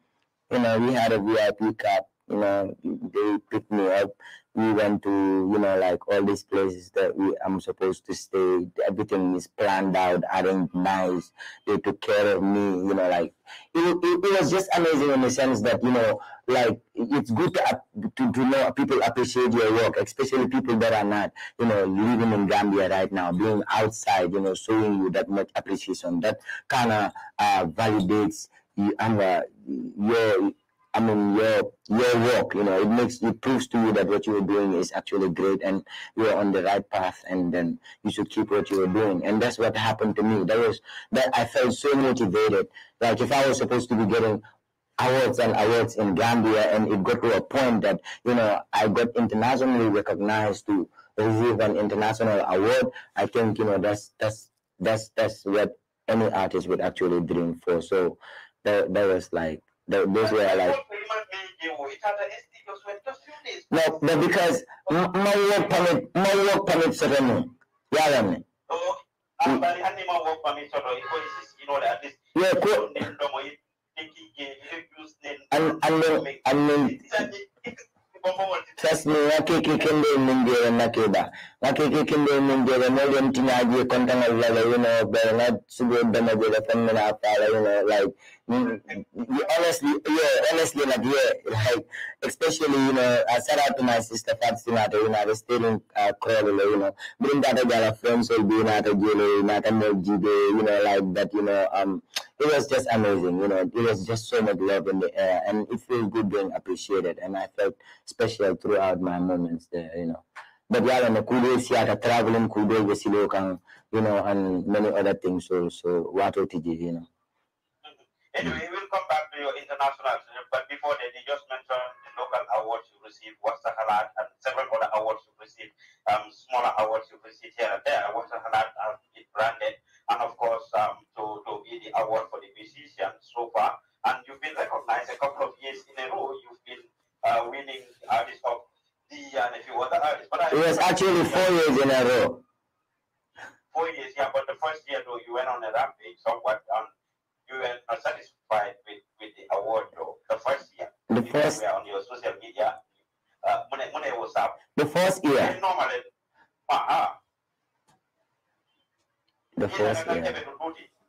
You know, we had a VIP cup. You know, they picked me up we went to you know like all these places that we I'm supposed to stay. Everything is planned out, arranged nice. They took care of me, you know like it, it, it was just amazing in the sense that you know like it's good to, to, to know people appreciate your work, especially people that are not you know living in Gambia right now, being outside, you know, showing you that much appreciation. That kind of uh, validates you, and uh, your I mean your your work. You know, it makes it proves to you that what you were doing is actually great, and you are on the right path, and then you should keep what you were doing. And that's what happened to me. That was that I felt so motivated. Like if I was supposed to be getting awards and awards in Gambia, and it got to a point that you know I got internationally recognized to receive an international award. I think you know that's that's that's that's what any artist would actually dream for. So that that was like those were like. No, but because my work permit, my work permit suddenly, yeah, me. Yeah, cool. And and then and then. Trust me, wake kikende mungere na keba. Wake kikende mungere moja mtinyaji kontanga vile you know, but not sugu dema jela fenna na fala you know like Mm-hmm. honestly, yeah, honestly, like, yeah, like, especially, you know, I said out to my sister Fatima, you know, I was still in uh, Crawley, you know, bring that girl friends will be not a you not a you know, like that, you know, um, it was just amazing, you know, it was just so much love in the air, and it feels good being appreciated, and I felt special throughout my moments there, you know. But yeah, and the kudos, yeah, traveling, kudos, you know, and many other things, so, so, what OTG, you know. Anyway, hmm. we'll come back to your international, but before that, you just mentioned the local awards you received, Wasta Halat, and several other awards you received, um, smaller awards you received here and there. Wasta Halat has been branded, and of course, um, to, to be the award for the musician so far. And you've been recognized a couple of years in a row. You've been uh, winning artists of the year and a few other artists. But I it was actually four years in a row. Four years, yeah, but the first year, though, you went on a rampage somewhat. Um, you were not satisfied with, with the award though. The first year. The first year on your social media. Uh, money Mune was up. The first year. And normally, uh-huh. The first year.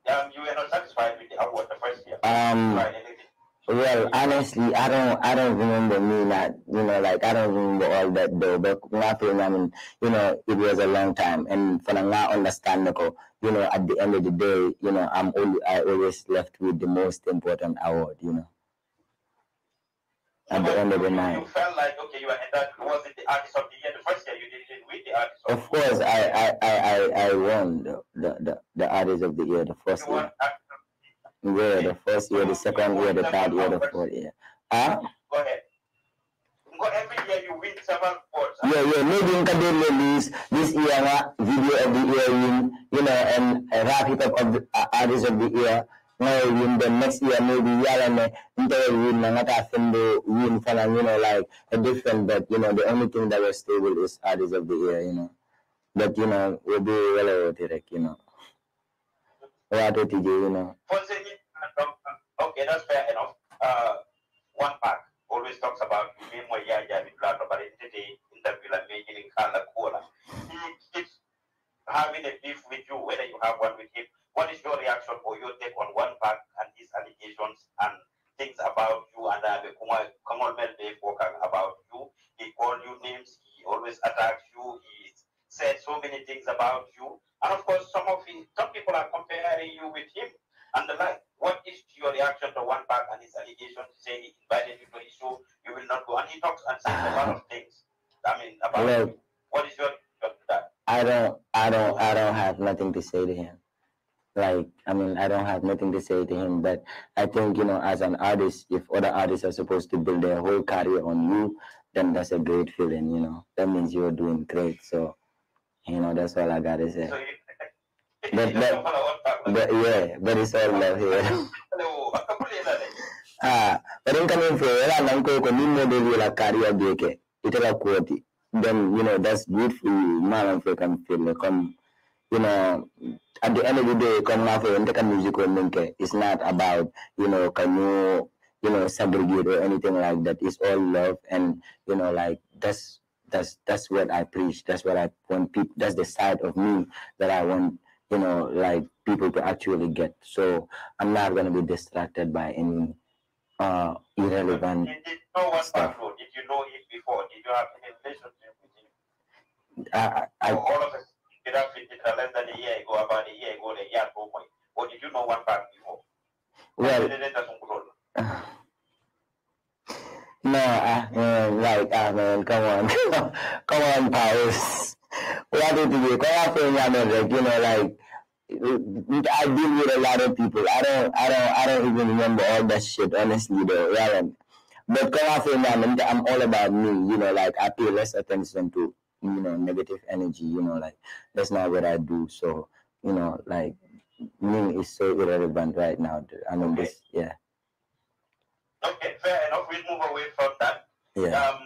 Um, you were not satisfied with the award the first year. Um, right, well, honestly, I don't, I don't remember me not, you know, like I don't remember all that though. But nothing. I mean, you know, it was a long time, and for now, understand, you know, at the end of the day, you know, I'm only, I always left with the most important award, you know. So at the end of the night, you felt like okay, you were, that was it the artist of the year. The first year you did it with the artist. Of, of course, I, I, I, I won the, the, the, the artist of the year the first year. Won, year, the first year, the second year, the third year, the fourth year. Huh? Go ahead. Every year you win several awards. Yeah, yeah. Maybe in Kadele list this year, video of the year win, you know, and rap hip up of the, uh, artist of the year. Now win the next year, maybe year and entire win, and win for you know, like a different. But you know, the only thing that was stable is artist of the year, you know. But you know, we'll be well over you know rather to you, you know. Uh, uh, okay, that's fair enough. Uh, one pack always talks about Mimo Yaya, Miblano, but in the interview, and making Kala Kola. He keeps having a beef with you, whether you have one with him. What is your reaction or your take on one pack and his allegations and things about you and uh, the Kumal Melbe about you? He called you names, he always attacks you, he said so many things about you. And of course, some of his, some people are comparing you with him and the like. What is your reaction to one back and his allegation saying he invited you to his show, you will not go? And he talks and says a lot of things. I mean, about what is your reaction to that? I don't, I don't, I don't have nothing to say to him. Like, I mean, I don't have nothing to say to him, but I think, you know, as an artist, if other artists are supposed to build their whole career on you, then that's a great feeling, you know. That means you're doing great. So you know, that's all I gotta say. but, but, but, yeah, but it's all love here. ah, but in coming for you lanko ko min to de la career it's itela quality. Then you know that's good for you, man. If you can feel come, you know, at the end of the day, come now for take a musical link. It's not about you know can you you know segregate or anything like that. It's all love and you know like that's that's that's what I preach. That's what I want people. That's the side of me that I want you know like people to actually get. So I'm not gonna be distracted by any uh, irrelevant. Did, did no one stuff. Patrol? Did you know it before? Did you have any relationship with him? I, I, so all of us did actually less than a year ago, about a year ago, a year ago, or did you know one back before? Well. No, I, man, mm, like, ah, man, come on, come on, Paris. What I do today? Quite often, I mean, like, you know, like, I deal with a lot of people. I don't, I don't, I don't even remember all that shit, honestly, though. Yeah, but come off i man, I'm all about me, you know, like, I pay less attention to, you know, negative energy, you know, like, that's not what I do. So, you know, like, me is so irrelevant right now. Dude. I mean, okay. this, yeah. Okay, fair enough. We'll move away from that. Yeah. Um,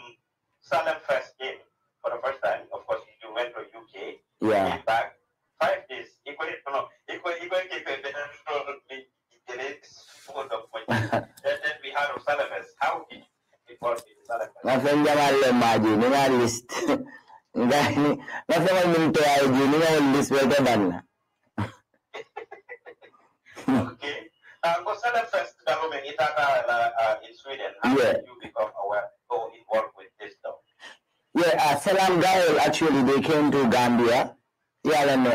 Salem first game for the first time. Of course, you went to UK. Yeah. Came back five days. Equally, no, no. equally, equally, equally, then we had O'Sullivan's. How did it fall O'Sullivan? Nasenga ninga list. Ngani, nasema nimtoaje? Ninga list wewe bana. Okay. Uh, concerning first government in, uh, uh, in Sweden, how yeah. did you become aware or involved with this stuff? Yeah, uh, Salam Gael actually they came to Gambia. Yeah, and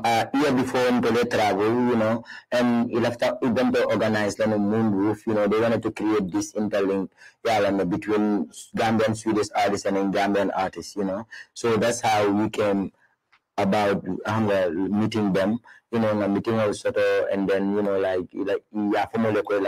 um, uh, year before into they travel, you know, and it left up them to organize like moon roof, you know, they wanted to create this interlink, yeah, and between Gambian Swedish artists and Gambian artists, you know. So that's how we came about uh, meeting them you know a meeting also and then you know like like ya famole ko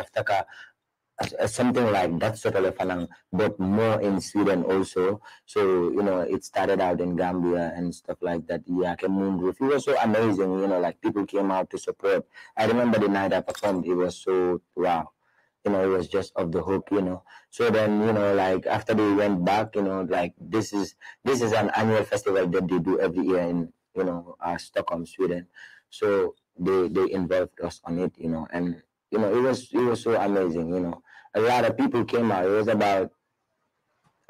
something like that sort of falang but more in sweden also so you know it started out in gambia and stuff like that yeah moon roof it was so amazing you know like people came out to support i remember the night i performed it was so wow you know it was just of the hook you know so then you know like after they went back you know like this is this is an annual festival that they do every year in you know, uh, Stockholm, Sweden. So they they involved us on it, you know, and you know it was it was so amazing, you know. A lot of people came out. It was about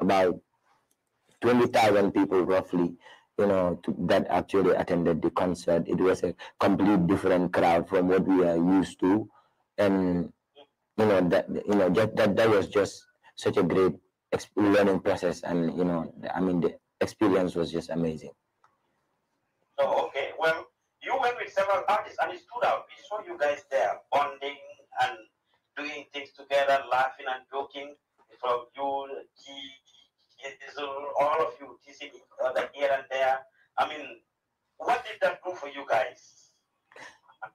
about twenty thousand people roughly, you know, to, that actually attended the concert. It was a complete different crowd from what we are used to, and you know that you know just, that that was just such a great learning process, and you know, I mean the experience was just amazing. Oh, okay, well, you went with several artists and it stood out. We saw you guys there bonding and doing things together, laughing and joking. From you, G, all of you teasing each other here and there. I mean, what did that do for you guys?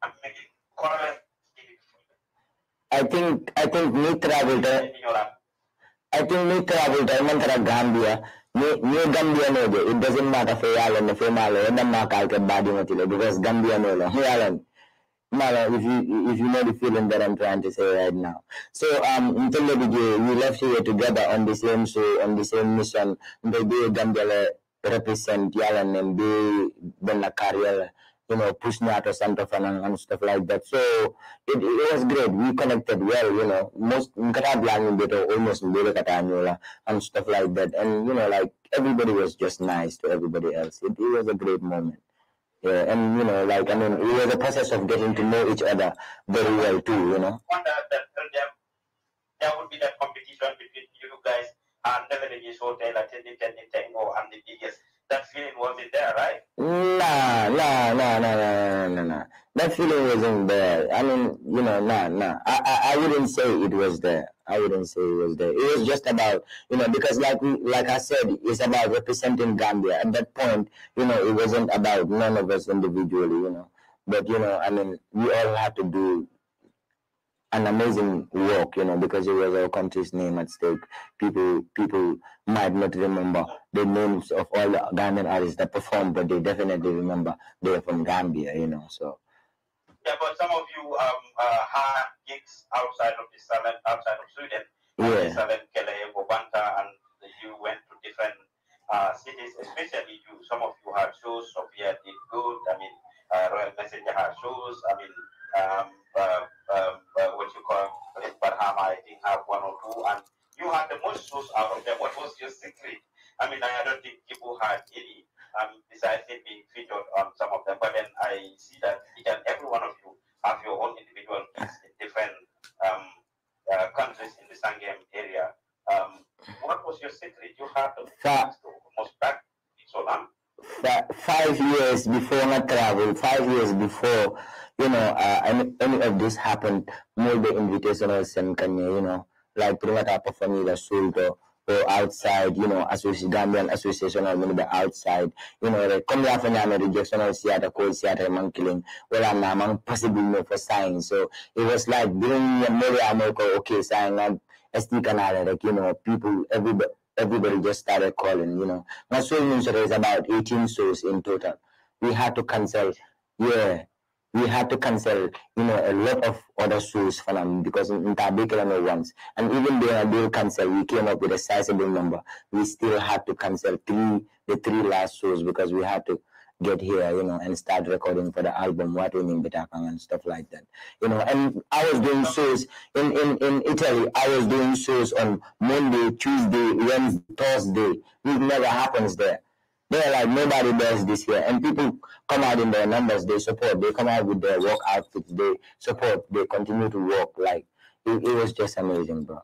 I, think I think I think Mitra will. I think Mitra will Gambia. ni gambiyanoojo it doesn't matter for yaalen no fe maalo e ɗan badi kaalke baadiŋotile because gambiyanoo lo yaalen malo if you if you know the feeling that I'm trying to say right now. So um Ntolebige, we left here together on the same show, on the same mission. They be Gambia represent Yalan and be career you know, pushed me out of and, stuff like that. So it, it was great. We connected well, you know. Most almost and stuff like that. And you know, like everybody was just nice to everybody else. It, it was a great moment. Yeah, and you know, like I mean, it was a process of getting to know each other very well too, you know. there, there would be that competition between you guys and Never Hotel attending and the biggest that feeling wasn't there, right? Nah, nah, nah, nah, nah, nah, nah. That feeling wasn't there. I mean, you know, nah, nah. I, I, I wouldn't say it was there. I wouldn't say it was there. It was just about, you know, because like like I said, it's about representing Gambia. At that point, you know, it wasn't about none of us individually, you know. But you know, I mean, we all had to do an amazing work, you know, because it was our country's name at stake. People people might not remember the names of all the Ghanaian artists that performed, but they definitely remember they're from Gambia, you know. So yeah, but some of you um, uh, had gigs outside of the Salem, outside of Sweden. Yeah. Salem, Kele, Bobanta, and you went to different uh, cities, especially you. Some of you had shows. Sophia did good. I mean, uh, Royal Messenger had shoes. I mean, um, uh, uh, uh what you call it, Barhama, I think, have one or two. And you had the most shoes out of them. What was your secret? I mean, I don't think people had any, um, besides it being featured on some of them. But then I see that each and every one of you have your own individual in different um, uh, countries in the Sangam area. Um, what was your secret? You had the most back so long five years before my travel, five years before, you know, uh, any, any of this happened, more the invitation was sent you know, like Primata Family Sult or, or outside, you know, association, Gambian Association or maybe outside, you know, like, come here for the rejection of Seattle, cold Seattle, man killing, well, I'm not, possible no for science. So it was like, during the America, okay, sign, and SD Canada, like, you know, people, everybody, everybody just started calling, you know. My soul ministry is about 18 souls in total. We had to cancel, yeah, we had to cancel, you know, a lot of other souls for them because in no once. And even though I did cancel, we came up with a sizable number. We still had to cancel three, the three last souls because we had to get here, you know, and start recording for the album, What We Mean Bitakang and stuff like that. You know, and I was doing shows in, in, in Italy, I was doing shows on Monday, Tuesday, Wednesday, Thursday. It never happens there. They're like nobody does this here. And people come out in their numbers, they support, they come out with their work outfits, they support, they continue to work. Like it, it was just amazing, bro.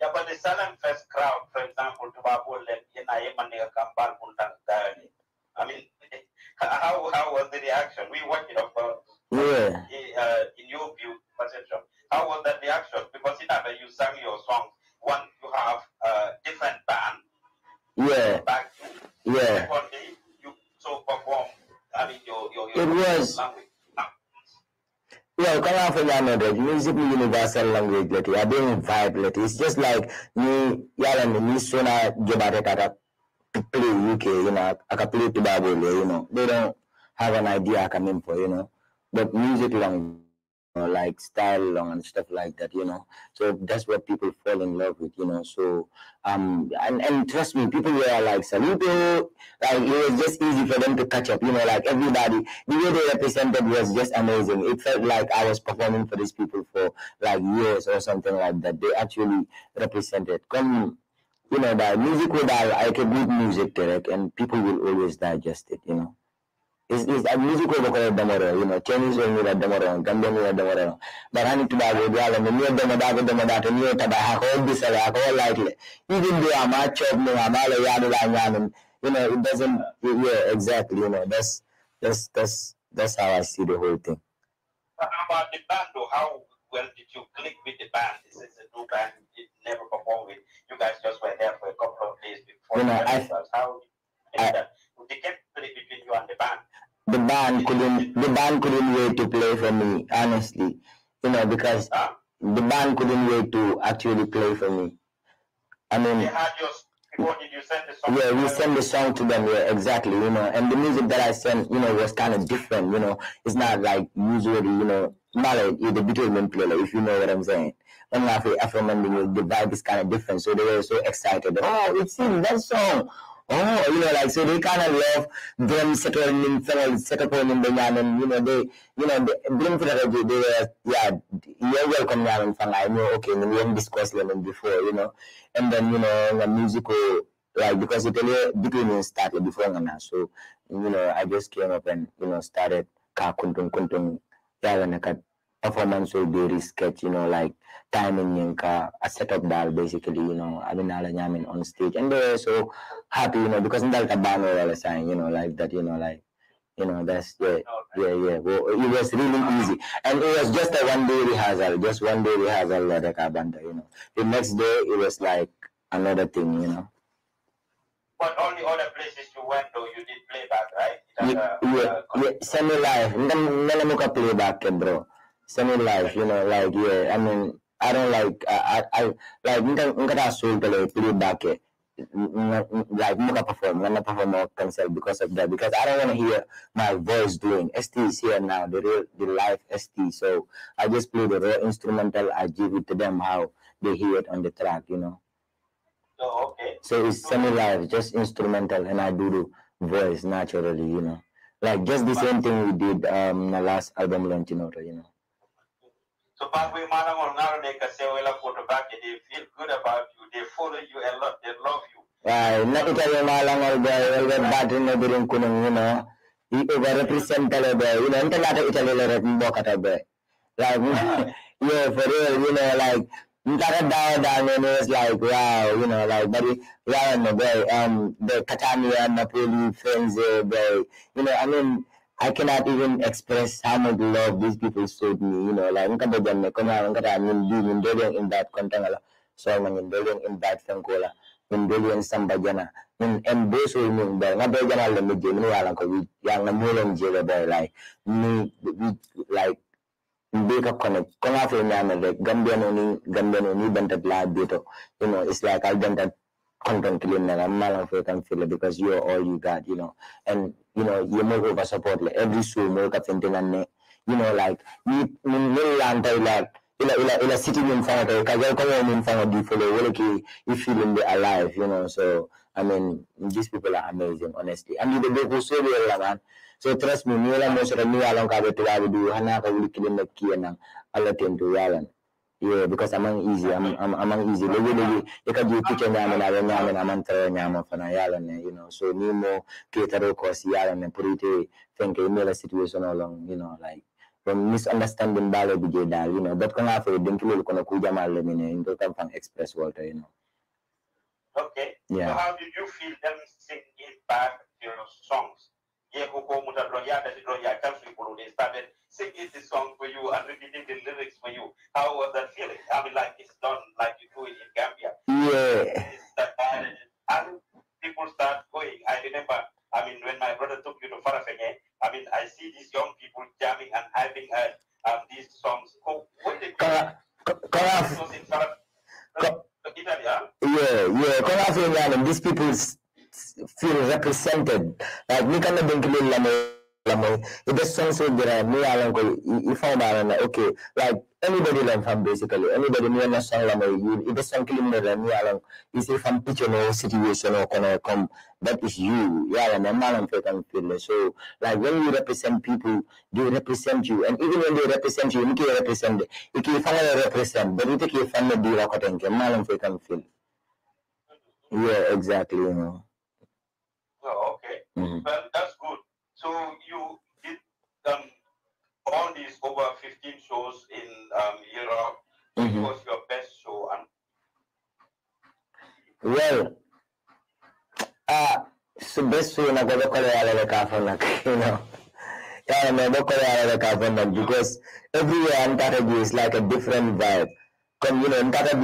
Yeah, but the Salem Fest crowd, for example, to Babu, in Ayman, Kampal, Mundan, Gayani. I mean, how how was the reaction? We watched it, of course. Yeah. Uh, in your view, perception, how was that reaction? Because in Abe, you sang your song. One, you have a different band. Yeah. Back to yeah. Secondly, you so perform. I mean, your your, your it was. Language. Yeah, come out for that Music is universal language. Like, you didn't vibe. Like, it's just like me, yeah, and me, soon I give out it in the UK, you know, I, can play Pidabo, you know. They don't have an idea I can for, you know. But music long, you know, like style long and stuff like that, you know. So that's what people fall in love with, you know. So um and, and trust me, people were like Saluto, like it was just easy for them to catch up, you know, like everybody the way they represented was just amazing. It felt like I was performing for these people for like years or something like that. They actually represented. Come you know, that music will I I can good music, Derek, and people will always digest it, you know. It's, is a music will be demora, you know, Chinese will be a demora, Gambian will be a demora. But I need to buy a girl and the new demodago demodata, new tabaco, all this, I all likely. Even though I'm a chop, no, I'm all a yada, you know, it doesn't, yeah, exactly, you know, that's, that's, that's, that's how I see the whole thing. But about the band, though, how well, did you click with the band? This is a new band, it never performed with. You guys just were there for a couple of days before you know, the rehearsals. How I, you They kept play between you and the band. The band couldn't. The band couldn't wait to play for me. Honestly, you know, because uh, the band couldn't wait to actually play for me. I mean, they had your yeah, we send the song to them. Yeah, exactly. You know, and the music that I sent, you know, was kind of different. You know, it's not like usually, you know, knowledge is the between player, if you know what I'm saying. When Afro Afro Mandingo, the vibe is kind of different, so they were so excited. Oh, it's in that song. Oh, you know, like so they kind of love them settling in settle settling in the and you know they you know they bring to the they were yeah you're welcome yam and fun i know okay and we haven't discussed them before you know and then you know the musical like because it between started before now so you know I just came up and you know started ka kuntung kuntung yàlla naka performance will be risked you know like timing yinka a setup dal basically you know abinala nyamin on stage and they are so happy you know because ndalta bano wala saying, you know like that you know like you know that's yeah yeah yeah well, it was really easy and it was just a one day rehearsal just one day rehearsal like a banda you know the next day it was like another thing you know but only other places you went though you did playback, right? yeah, semi live. None of them playback, bro. Semi live, you know, like yeah. I mean, I don't like I I, I like nunca sold the playback. Eh. Like muka perform, nunca perform or cancel because of that. Because I don't want to hear my voice doing. ST is here now, the real, the live ST. So I just play the real instrumental. I give it to them how they hear it on the track, you know. Oh, okay. So it's semi-live, just instrumental, and I do the voice naturally, you know. Like just the same thing we did um the last album launch in order, you know. So back we man on now they can say well photo back they feel good about you, they follow you a lot, they love you. Right. Not itali malang or the battery na during kunung, you know. He represent talaga, you know, until later itali lang mbokata ba. Like, yeah, for real, you know, like got a dollar down and it's like, wow, you know, like, but it, yeah, no, boy, um, the and Napoli, Firenze, very. you know, I mean, I cannot even express how much love these people showed me, you know, like, nka da me, come nka da min du min in that kontangala, so i in dole in that fankola, in dole in samba in ah. embrace min da nga I jana le know, je min wala ko wi, yang na mulan boy like, me, like wake up connect come after environment like gambian only gambian only bent at lab data you know it's like i've done that content and i'm not can feel it because you're all you got you know and you know you're more over support like every show more thing and you know like you know, will anti like ila ila ila sitting in front of kaja come in front of you follow well okay you feeling alive you know so i mean these people are amazing honestly I mean, the go so well man so trust me, Mila mo sa kanya alam ka betu abi du hana ka uli kilin na kiya nang ala tentu yalan. Yeah, because amang easy, amang amang easy. Lagi lagi, ika di uti kanya amin amin amin amin tara nyama fana yalan ne, you know. So ni mo kitaro ko si yalan ne you think eh, Mila situation along, you know, like from misunderstanding balo bije dah. you know. But kung afe dinkilil kono kujamal le mine, into kam pang express water, you know. Okay. Yeah. So how did you feel them singing back your songs? Yekoko Mutadroya, that Droya, Kamsui Burundi started singing this song for you and repeating the lyrics for you. How was that feeling? I mean, like it's done like you do it in Gambia. Yeah. and, people start going. I remember, I mean, when my brother took you to Farafenge, I mean, I see these young people jamming and having uh, um, these songs. Oh, what did Kara, you Kara, Kara, Italy, huh? Yeah, yeah, these people feel represented. Like me kana think le lamoy lamoy. It just songs with the me alam If I'm na okay. Like anybody learn from basically anybody me not song lamoy. You it just song kilim me me alam. Is if I'm no situation or kono come that is you. Yeah, and I'm not feeling feel so like when you represent people, they represent you, and even when they represent you, you can represent. You can represent, but you take your family do rakotenke. Malam fe kan feel. Yeah, exactly. You know. Mm-hmm. Well, that's good. So you did um, all these over 15 shows in um, Europe. Mm-hmm. What was your best show? And well, uh, so best show I kwa kwa yale ya kafana, you know. Yeah, I'm not because everywhere I'm is like a different vibe communal Taylor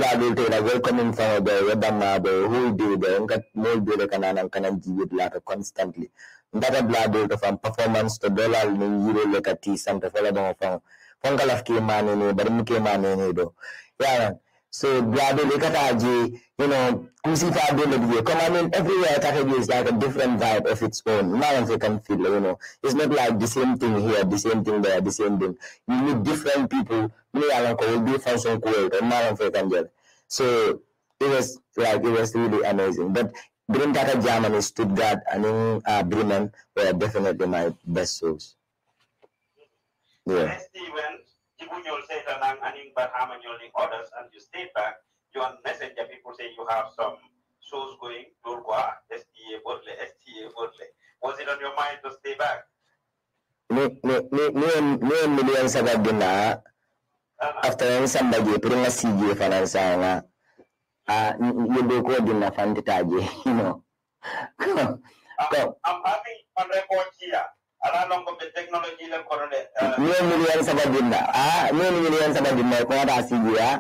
welcoming some of the Webamado who do the mold can the Kanan Kanan Jibit Lato constantly. Ndata blado to from performance to dollar in euro like a tea some to follow them from Fongalaf came man but Muke man do. Yeah. So blado lekataji, you know, Kusita Dolobie. Come I mean everywhere Kataji is like a different vibe of its own. Now if you can feel, you know. It's not like the same thing here, the same thing there, the same thing. You meet different people me Alan Cole will do function coordinator, Marlon Fekanjel. So it was like it was really amazing. But Brindata Germany, Stuttgart, and in uh, Bremen were definitely my best shows. Yeah. you only say Others, and you stay back, your on messenger people say you have some shows going, Durgwa, STA Bodle, STA Bodle. Was it on your mind to stay back? Me, me, me, me, me, me, me, me, me, me, me, me, me, after yin samba je pri na sije falansa na Ah, ni do ko din na fanti ta je you know ko ko am pati on report kia ala non ko be technology le ko de ni ni ni yan samba din na a ni yan samba din na ko ta sije ya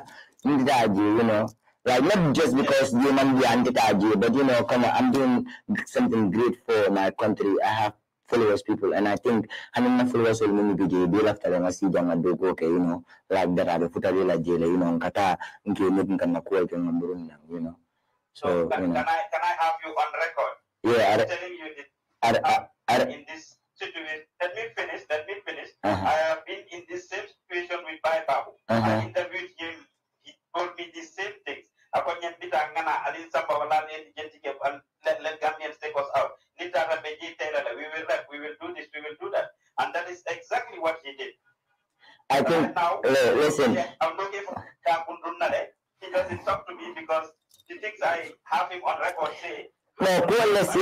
ni ta je you know Like not just because you man be anti but you know, come on, I'm doing something great for my country. I have followers people and I think i mean my followers will mimi bigi bila after them asi janga dogo okay you know like that abe futa bila jele you know nkata nki make nkana kuwa ke ngamburu na you know so, so can, you know. can I can I have you on record yeah I'm telling you this are, are, uh, are, in this situation let me finish let me finish uh -huh. I have been in the same situation with my babu uh -huh. I uh-huh. interviewed him he told me the same things ako ñen bita ngana ali samba wala len jenti ke let, let Gambians take us out nita rambe ji taylor we will rap we will do this we will do that and that is exactly what he did I think now listen I'm looking for Kabundunale he doesn't talk to me because the things I have him on record say no, cool,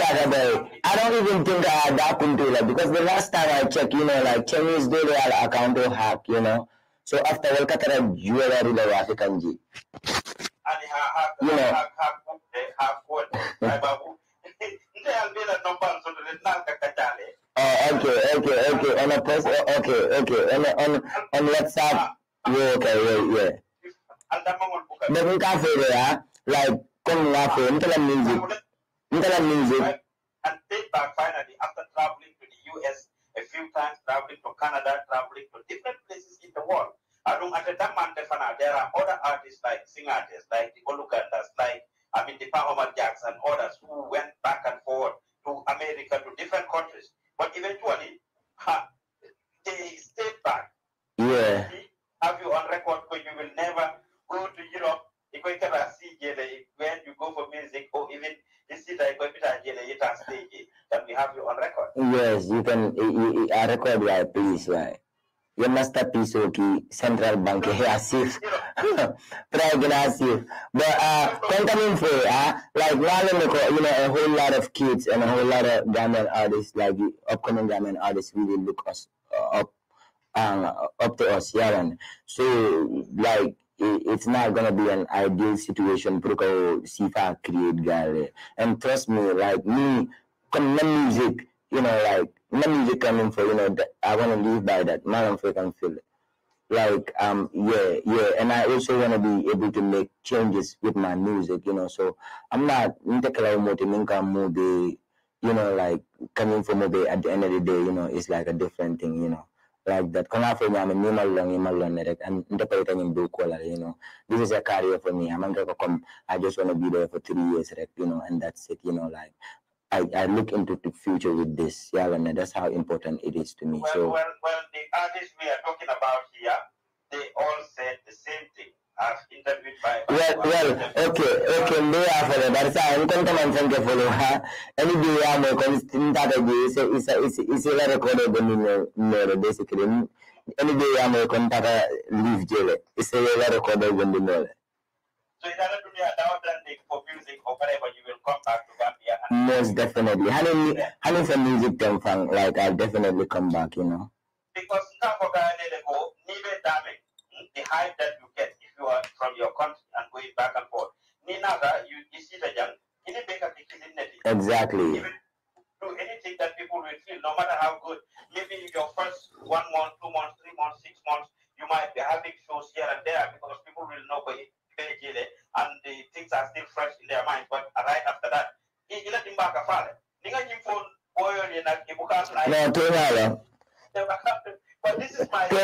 I don't even think I had that computer because the last time I checked, you know, like Chinese do their account hack, you know. So after World Qatar, you are the African G and her, her, okay, okay, okay. On a post, oh, okay, okay. On on on WhatsApp, yeah, okay, yeah, yeah. But in cafe there, ah, like come la phone, tell them music, tell them music. And take back finally after traveling to the US a few times, traveling to Canada, traveling to different places in the world. Along at the time, there are other artists like sing artists like the Olugandas, like I mean the Pahoma Jacks and others who went back and forth to America to different countries, but eventually ha, they stayed back. Yeah. have you on record? Because you will never go to Europe. You go see see when you go for music or even you see like when you here. then we have you on record. Yes, you can. I record, yeah, please, right. You يمستا بيسوكي سنترال بنك هي اسيف Dragon asif but uh concerning for uh like Nicole, you know a whole lot of kids and a whole lot of gamen artists like upcoming gamen artists really look us uh, up um up to us yeah and so like it, it's not gonna be an ideal situation protocol sifa create gallery and trust me like me come music you know like my music coming for, you know, the, I want to live by that. Man, I'm freaking feeling like um yeah yeah and i also want to be able to make changes with my music you know so i'm not you know like coming from a at the end of the day you know it's like a different thing you know like that kung me, I'm a lang yung mal lang direct and hindi pa ito yung book you know this is a career for me I'm gonna come I just wanna be there for three years direct you know and that's it you know like I, I look into the future with this. Yeah, and that's how important it is to me. Well, so, well, well, the artists we are talking about here, they all said the same thing. interviewed by well, well, okay, okay, they are follow. That's why I'm going to mention the follow. Any day I'm going to is is is a recorded in basically. Any I'm going to a the so or whatever you will come back to Gambia Most definitely. Having yeah. having some music them from like I'll definitely come back, you know. Because now for Gambia go, damage the hype that you get if you are from your country and going back and forth. Ninaga, you, you see the young, any baker in it. Exactly. Even do anything that people will feel, no matter how good. Maybe your first one month, two months, three months, six months, you might be having shows here and there because baka pale ninga nyimpo boyo ni na ibuka slide no tulala But this is my but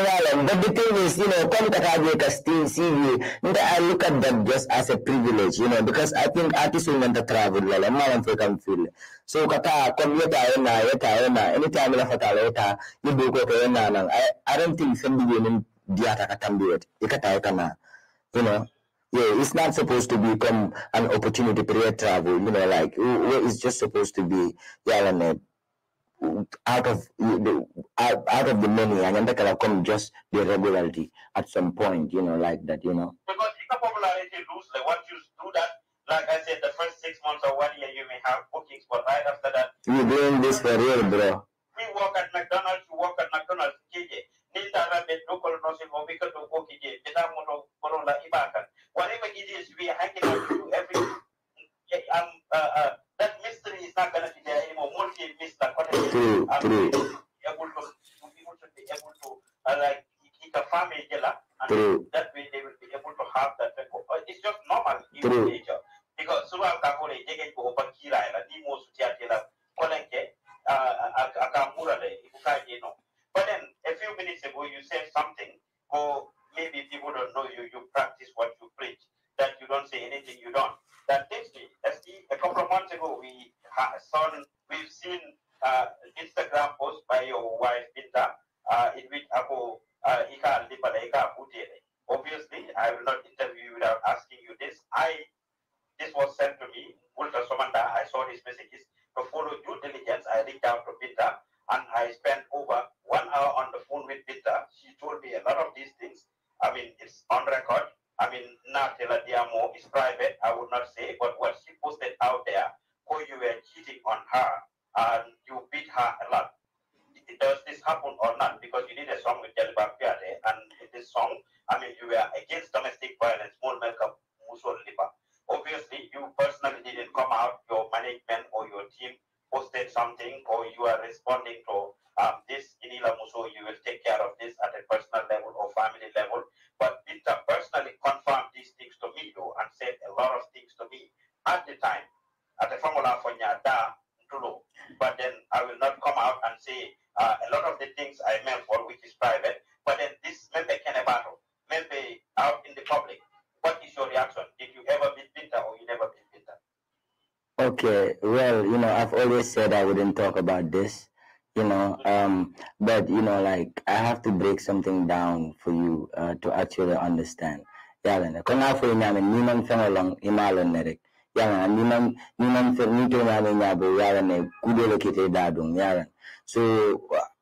the thing is, you know, come CV, I look at that just as a privilege, you know, because I think artists will want to travel, lala, malam for come feel. So kata, come yeta na, yeta na, anytime la fatala yeta, go ko na lang. I, I don't think some beginning diata katambi yet, ikata yeta na, you know yeah, it's not supposed to become an opportunity period travel. You know, like it's just supposed to be yeah, out of out, out of the many, and then that come just the regularity at some point. You know, like that. You know. Because if a popularity lose, like once you do that, like I said, the first six months or one year, you may have bookings, but right after that, you're doing this for real, bro. We work at McDonald's. You work at McDonald's. KJ. This is bet local nasi mo wika do go do mo do whatever it is we are hanging on to every um, uh, uh, that mystery is not going to be there anymore. Multi Mr. Cotton true, um, able to, be able to be able to uh, like eat a family dealer, and true. that way they will be able to have that. Uh, it's just normal human true. nature because Surah Kakore, they get to open Kira and the most theater, Kolenke, Akamura, Ibukai, But then a few minutes ago, you said something. Go maybe people don't know you, you practice what you preach, that you don't say anything you don't. That takes me, a couple of months ago, we saw, we've seen uh, Instagram post by your wife, Binta, uh, in which Abu uh, Ika Lipalaika Butere. Obviously, I will not interview without asking you this. I This was sent to me, Ultra Somanda. I saw his messages. To follow due diligence, I reached out to Binta and I spent over one hour on the phone with Binta. She told me a lot of these things I mean, it's on record. I mean, not Natela Diamo is private, I would not say, but what she posted out there, who you were cheating on her and you beat her a lot. Does this happen or not? Because you did a song with Jaliba Piade, and in this song, I mean, you were against domestic violence, movement Musul Lipa. Obviously, you personally didn't come out, your management or your team posted something or you are responding to um, this in Ilamuso, you will take care of this at a personal level or family level. But Binta personally confirmed these things to me though, and said a lot of things to me at the time, at the formula for Nyada But then I will not come out and say uh, a lot of the things I meant for, which is private. But then this a battle. Maybe out in the public, what is your reaction? Did you ever meet Binta or you never meet Binta? Okay, well, you know, I've always said I wouldn't talk about this, you know, um, but you know, like I have to break something down for you uh, to actually understand. Yalana, kung ako namin, niman fengo lang imalon na rin. Yalana, niman, niman fengo, nito namin yabo, yalana, kudelo kite dadong, yalana. So,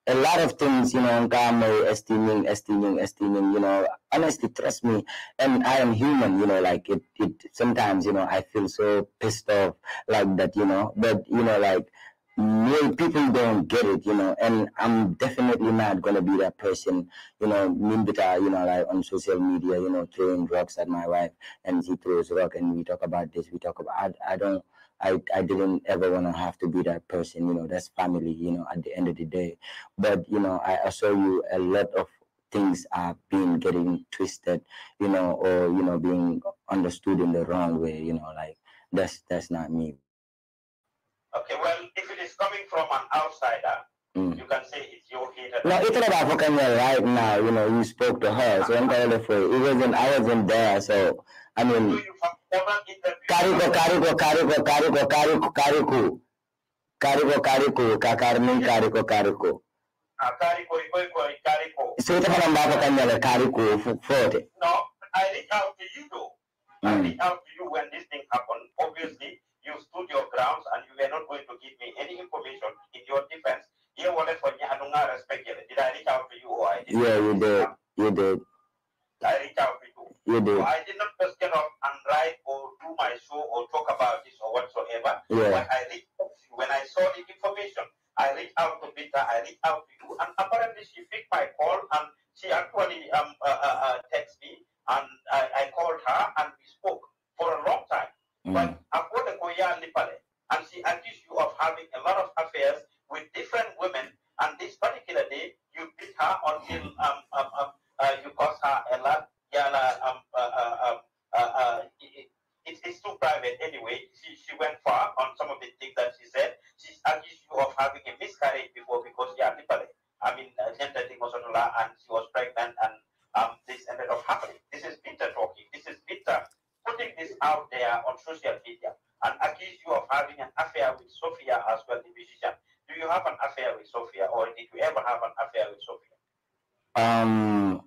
a lot of things, you know, ang kamay, esteeming, esteeming, esteeming, you know, honestly, trust me. And I am human, you know, like it, it, sometimes, you know, I feel so pissed off like that, you know, but, you know, like, more people don't get it, you know, and I'm definitely not gonna be that person, you know, Mimbita, you know, like on social media, you know, throwing rocks at my wife and she throws rock and we talk about this, we talk about I, I don't I, I didn't ever want to have to be that person, you know, that's family, you know, at the end of the day. But, you know, I, I saw you a lot of things are being getting twisted, you know, or, you know, being understood in the wrong way, you know, like that's that's not me. Okay, well, if it is coming from an outsider, mm. you can say it's your hater. No, it's not African girl right now. You know, you spoke to her, so I'm kind of afraid. It wasn't, I wasn't there, so I mean. Kariko, Kariko, Kariko, Kariko, Kariko, Kariko. Kariko, Kariko, Kakarni, Kariko, Kariko. Ah, Kariko, Kariko, Kariko. So it's an African girl, Kariko, it. No, I reached out to you though. I mm. reached out to you when this thing happened. Obviously, you stood your grounds and you were not going to give me any information in your defense. for? You Did I reach out to you or I did Yeah, you did. You did. I reached out to you. You did. So I did not just get up and write or do my show or talk about this or whatsoever. Yeah. When I reached out to you, when I saw the information, I reached out to Peter, I reached out to you, and apparently she picked my call and she actually um, uh, uh, uh texted me and I, I called her and we spoke for a long time. But But Akoda Koya Lipale, and she accused you of having a lot of affairs with different women. And this particular day, you beat her until um, um, um, uh, you caused her a lot. Yeah, um, uh, uh, um, uh, uh, it, it, it's too private anyway. She, she went far on some of the things that she said. She accused you of having a miscarriage before because the Lipale. I mean, uh, gender thing was and she was pregnant, and um, this ended up happening. This is bitter talking. This is bitter putting this out there on social media and accuse you of having an affair with Sophia as well, the musician. Do you have an affair with Sophia or did you ever have an affair with Sophia? Um,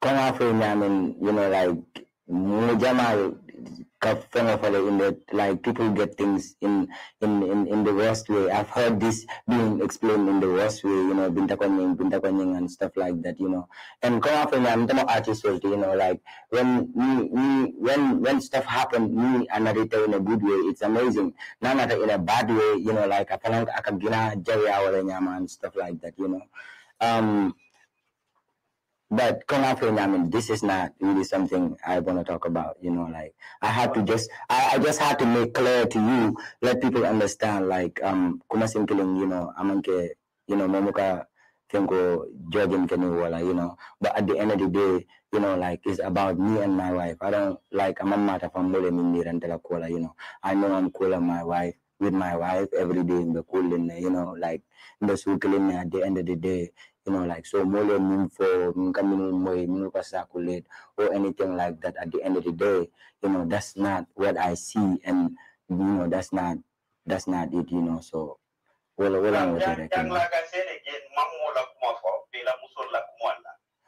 come after me, I mean, you know, like, kafala in that like people get things in in in, in the worst way. I've heard this being explained in the worst way, you know, bintakonying, bintakonying and stuff like that, you know. And come off and I'm talking artist, you know, like when me, me when when stuff happened, me and Narita in a good way, it's amazing. Nanata in a bad way, you know, like I can gina and stuff like that, you know. Um but come on, Florian, I mean, this is not really something I want to talk about. You know, like I had to just, I, I just had to make clear to you, let people understand, like, um, kuma kiling, you know, amanke, you know, momoka finko Georgian wala, you know, but at the end of the day, you know, like it's about me and my wife. I don't like, I'm a matter from mole rentela you know, I know I'm cooler. my wife with my wife every day in the cool, you know, like, the at the end of the day, you know, like so more, for or anything like that at the end of the day, you know, that's not what I see and you know, that's not that's not it, you know. So well well I'm with it. Again. Like I said again,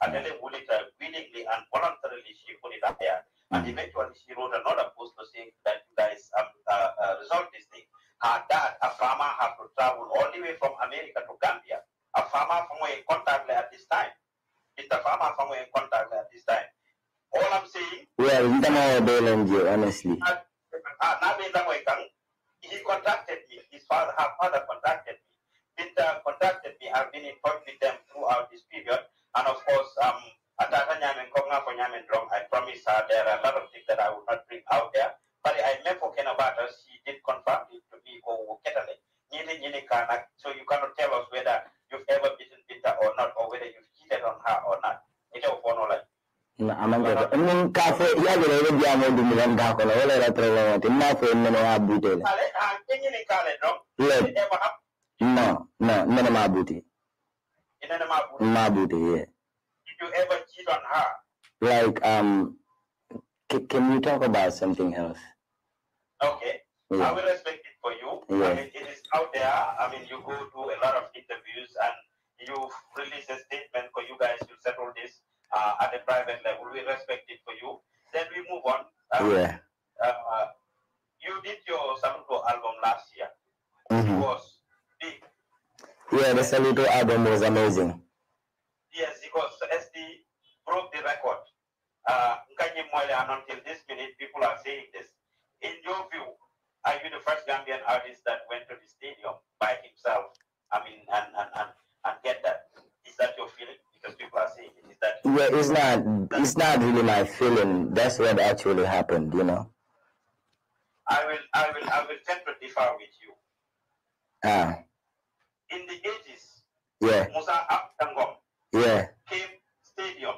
and then Bulita uh, willingly and voluntarily she put it up there. And mm. eventually she wrote another post to say that you guys um, uh, uh, this thing. Her dad, a farmer, had to travel all the way from America to Gambia a farmer somewhere in contact at this time. It's a farmer somewhere in contact at this time. All I'm saying. Well, we don't know Belenji, honestly. Ah, he contacted me. His father, her father contacted me. Peter contacted me. I've been in touch with them throughout this period. And of course, um, I promise her there are a lot of things that I will not bring out there. But I met for Kenobata, she did confirm it to me. So you cannot tell us whether ever beaten Peter or not, or whether you've cheated on her or not. Ito po no no? Uh, yes. No, no, ever cheat on her? Like, um, can you talk about something else? Okay. Yeah. I will respect it for you. Yeah. I mean, it is out there. I mean, you go to a lot of interviews and you release a statement for you guys to settle this uh, at a private level. We respect it for you. Then we move on. Um, yeah. Uh, uh, you did your Saluto album last year. Mm-hmm. It was big. Yeah, the Saluto album was amazing. Yes, because SD broke the record. Uh, until this minute, people are saying this. In your view, are you the first Gambian artist that went to the stadium by himself? I mean, and, and, and, and get that. Is that your feeling? Because people are saying is that yeah, it's not, it's not really my feeling. That's what actually happened, you know. I will, I will, I will tend to differ with you. Ah. In the 80s, yeah. Musa Abdangom yeah. came stadium,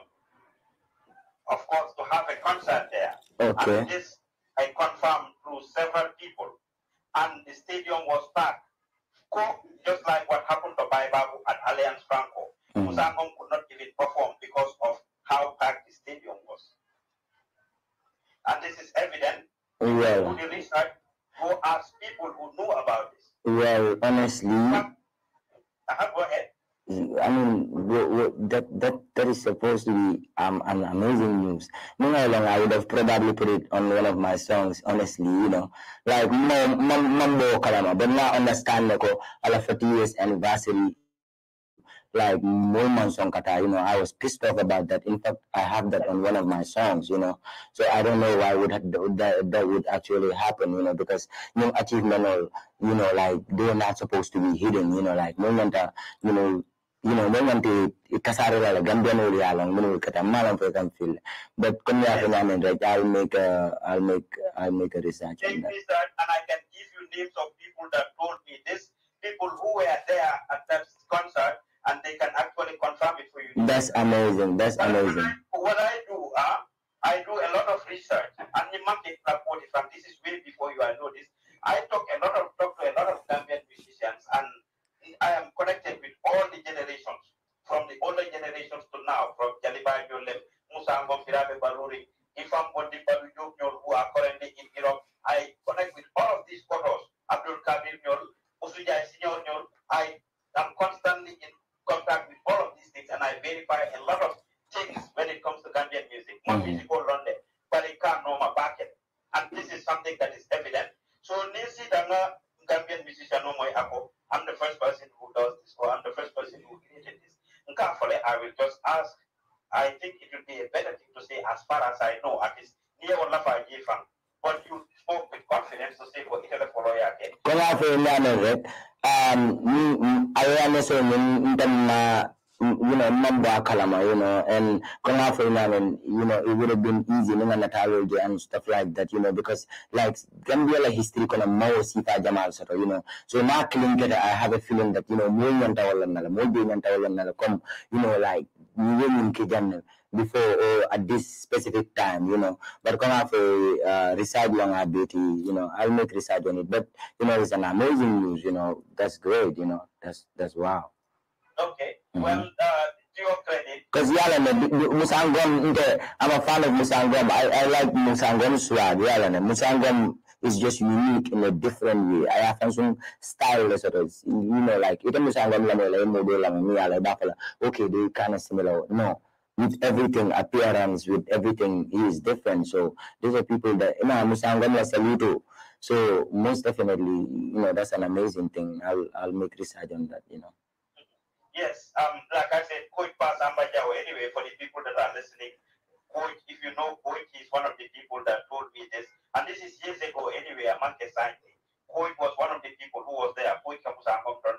of course, to have a concert there. Okay. And this I confirmed through several people, and the stadium was packed. Just like what happened to Baibabu at Allianz Franco, mm. Musangong could not even perform because of how packed the stadium was. And this is evident. Well, do the research, Who asked people who knew about this. Well, honestly, uh, go ahead. I mean, that that that is supposed to be um, an amazing news. Meanwhile, I would have probably put it on one of my songs. Honestly, you know, like Mambo Kalama, but not understand like oh, all of 40 years anniversary. Like moments song kata, you know, I was pissed off about that. In fact, I have that on one of my songs, you know. So I don't know why would that that would actually happen, you know, because you know achievement you know like they're not supposed to be hidden, you know, like moment, you know you know ɗon wonte kasare lala gambian wol ya long min wol katam malam for kam fil but comme ya fina men right i'll make a i'll make i'll make a research make research and i can give you names of people that told me this people who were there at that concert and they can actually confirm it for you that's amazing that's amazing what i do uh, i do a lot of research and the market and this is way before you are know this i talk a lot of talk to a lot of gambian musicians and I am connected with all the generations, from the older generations to now, from Jalibai Yolem, Musa Ngom, Firabe Baluri, Ifam Bondi Balu Nyol, who are currently in Europe. I connect with all of these photos, Abdul Kabir Nyol, Usujai Senior Nyol. I am constantly in contact with all of these things, and I verify a lot of things when it comes to Gambian music. More mm-hmm. musical London, but it can't know my bucket. And this is something that is evident. So Nisi Danga Gambian musician no more I'm the first person who does this, or I'm the first person who created this. Nkafole, I will just ask. I think it would be a better thing to say, as far as I know, at least near one lafa fan. But you spoke with confidence to say for other, follow ya again. Kaya for Indian, right? Um, I understand you know, mambo kalama, you know, and come Kongafo, and you know, it would have been easy, you know, and stuff like that, you know, because like Gambia like history kono mawo sifa jamal soto, you know. So na kilinketa, I have a feeling that, you know, more yanta wala nala, mo be yanta wala nala, come, you know, like, women kijamne before or at this specific time, you know. But come up uh, a research on our beauty, you know, I'll make research on it. But, you know, it's an amazing news, you know, that's great, you know, that's, that's wow. Okay. Mm -hmm. Well, uh, to your credit. Because I'm a fan of Musangam. I, I like Musangom's swag, Yalane. Musangom is just unique in a different way. I have some style, sort of, you know, like, it Musangom, eh, like, okay, they kind of similar. No. With everything, appearance, with everything, he is different. So these are people that, you know, a little. So most definitely, you know, that's an amazing thing. I'll, I'll make research on that, you know yes, um, like I said, Coach Pasamba Jawa, anyway, for the people that are listening, Coach, if you know Coach, is one of the people that told me this. And this is years ago, anyway, a month scientists. Coach was one of the people who was there, Coach from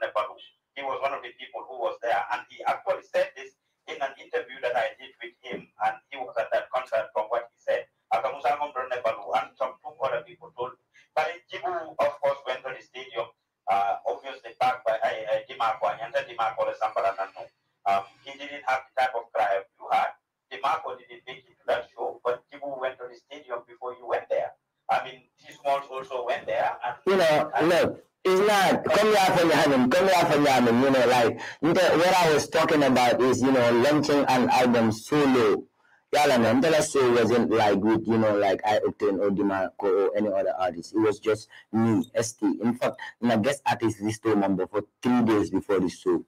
Nepalu. He was one of the people who was there, and he actually said this in an interview that I did with him, and he was at that concert from what he said. from Nepalu and some two other people told me. But Jibu, of course, went to the stadium uh, obviously backed by uh, DiMarco. I entered DiMarco the Sambara Nano. Um, he didn't have the type of cry you had. DiMarco didn't make it to that show, but people went to the stadium before you went there. I mean, these Smalls also went there. And, you know, and, look. It's not come here for Yemen, come here for Yemen, you know, like what I was talking about is, you know, launching an album solo yeah, like, man, Della Soul wasn't like with, you know, like I obtained or DeMarco or any other artist. It was just me, ST. In fact, my guest artist this two number for three days before the show.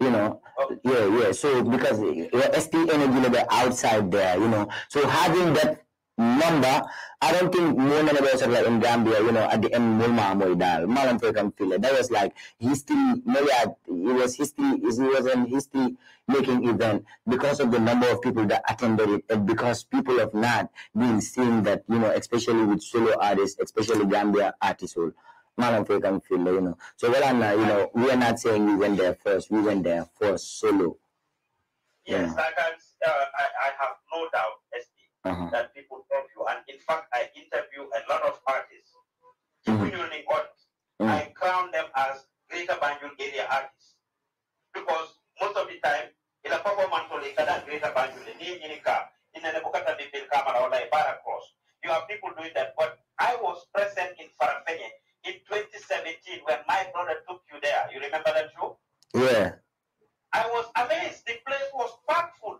You know, oh. yeah, yeah. So because yeah, ST energy level outside there, you know. So having that Number, I don't think more Moon anniversary like in Gambia, you know, at the end Mulma Moidal, Malam Fekam Fila. That was like history maybe it was history it was an history making event because of the number of people that attended it and uh, because people have not been seeing that, you know, especially with solo artists, especially Gambia artists. Malam Fekam Fila, you know. So well I'm not, you know, we are not saying we went there first, we went there first solo. Yes, yeah. I can uh, I, I have no doubt, -huh. that people help you. And in fact, I interview a lot of artists. Genuinely mm artists. -hmm. I crown them as Greater Banjul area artists. Because most of the time, in a performance ko kada Greater Banjul, ni nyinika, ina nebukata bibil kamara wala ibara cross. You have people doing that. But I was present in Farafenye in 2017 when my brother took you there. You remember that show? Yeah. I was amazed. The place was packed full.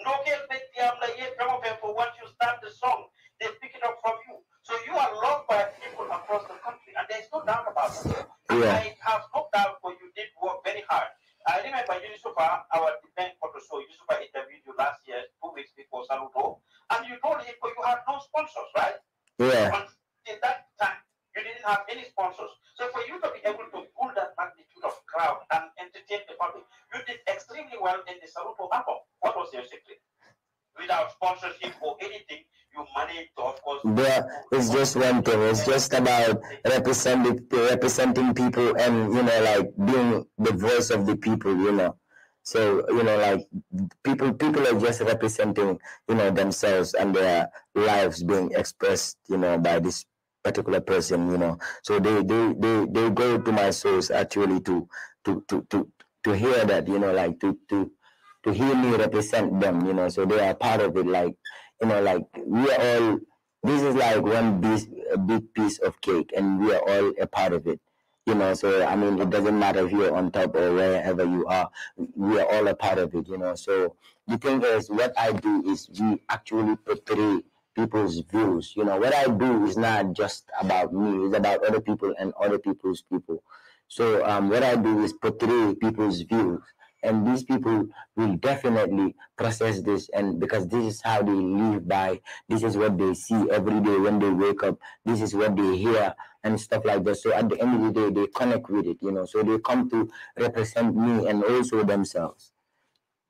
No the for once you start the song. They pick it up from you. So you are loved by people across the country, and there's no doubt about it. Yeah. I have no doubt for you did work very hard. I remember Yusufa, our defense so Yusufa interviewed you last year, two weeks before Saludo, and you told him you had no sponsors, right? Yeah. And in that time, you didn't have any sponsors. So for you to be able to pull that magnitude of crowd and entertain the public, you did extremely well in the Saruto Mako. What was your secret? Without sponsorship or anything, you managed to, of course. There, it's just one thing. It's just about representing representing people and you know, like being the voice of the people. You know. So you know, like people, people are just representing, you know, themselves and their lives being expressed, you know, by this particular person, you know. So they they they, they go to my source actually to to to to to hear that, you know, like to to to hear me represent them, you know. So they are part of it, like you know, like we are all. This is like one big big piece of cake, and we are all a part of it. You know, so I mean, it doesn't matter if you're on top or wherever you are. We are all a part of it. You know, so the thing is, what I do is we actually portray people's views. You know, what I do is not just about me, it's about other people and other people's people. So um, what I do is portray people's views. And these people will definitely process this and because this is how they live by, this is what they see every day when they wake up, this is what they hear and stuff like that. So at the end of the day, they connect with it, you know. So they come to represent me and also themselves.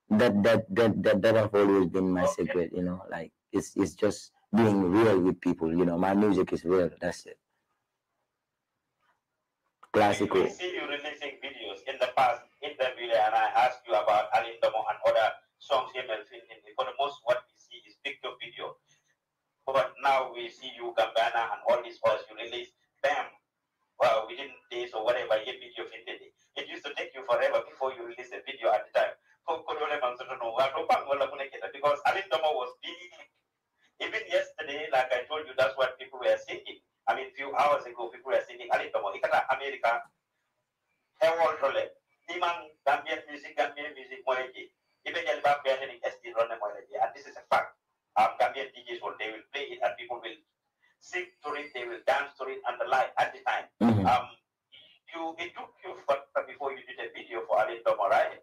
That that that that that have always been my okay. secret, you know, like it's it's just being real with people. You know, my music is real. That's it. Classical. We see you releasing videos in the past interview, and I asked you about Ali Alindomo and other songs here For the most, what we see is picture video. But now we see you Gambana and all these words you release. Bam, well, within days or whatever, a video fitted. It used to take you forever before you release a video at the time. Because Ali Alindomo was busy even yesterday, like I told you, that's what people were singing. I mean, a few hours ago, people were singing Alitomo, Ikata, America, Harold Role, Niman, Gambian music, Gambian music, Moeji. Even Yelba Pianin, SD Rone Moeji. And this is a fact. Um, Gambian DJs will, they will play it and people will sing to it, they will dance to it and the like at the time. Mm -hmm. Um, you, it took you for, before you did a video for Alitomo, right?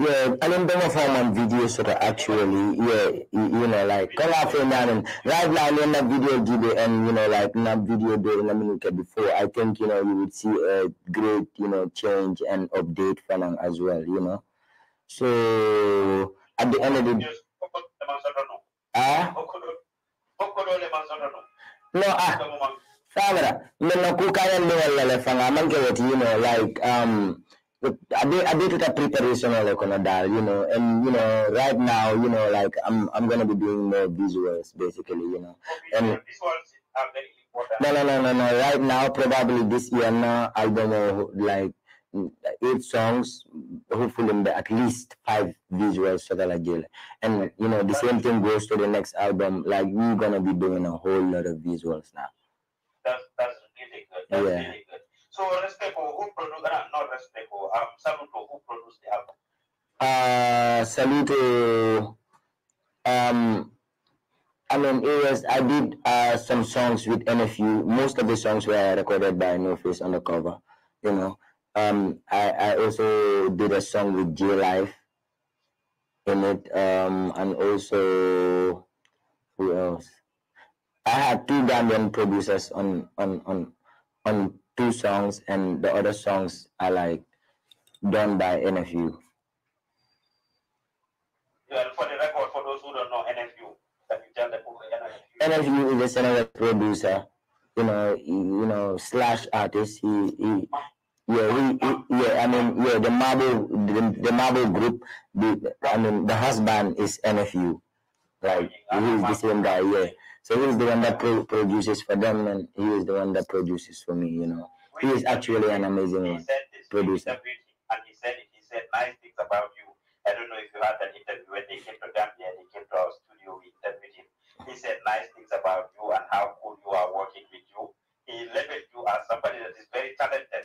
Yeah, I don't know if I'm on video sort of actually, yeah, you, you know, like, come out here now and right now, in that video today, and you know, like, in that video day, in America before, I think, you know, you would see a great, you know, change and update for them as well, you know. So, at the end of the ah, no, ah, I'm cooking men na kuka yan lewal lale fanga, man ke what, you know, like, um, I did I did preparation on like that, you know, and you know, right now, you know, like I'm I'm gonna be doing more visuals basically, you know. And visuals are very important. No no no no no. Right now probably this year no I don't know like eight songs, hopefully at least five visuals for the jail. And you know, the same thing goes to the next album. Like we're gonna be doing a whole lot of visuals now. That's that's really good. That's yeah. Really good. So Respeco, who produce, uh, not Respeco, um, Saluto, who produced the album? Uh, Saluto, um, I mean, it was, I did uh, some songs with NFU. Most of the songs were recorded by No Face on the cover, you know. Um, I, I also did a song with J Life in it, um, and also, who else? I had two Gambian producers on, on, on, on two songs, and the other songs are like done by NFU. Yeah, for the record, for those who don't know NFU, can you tell them who NFU? NFU is a Senegal producer, you know, you know, slash artist. He, he yeah, we, he, yeah, I mean, yeah, the marble, the, the marble group, the, I mean, the husband is NFU, like he's the same guy, yeah. So he the one that pro- produces for them, and he was the one that produces for me. You know, he is actually an amazing he producer. And he said He said nice things about you. I don't know if you had an interview when they came to Gambia. They came to our studio. We interviewed him. He said nice things about you and how cool you are working with you. He labeled you as somebody that is very talented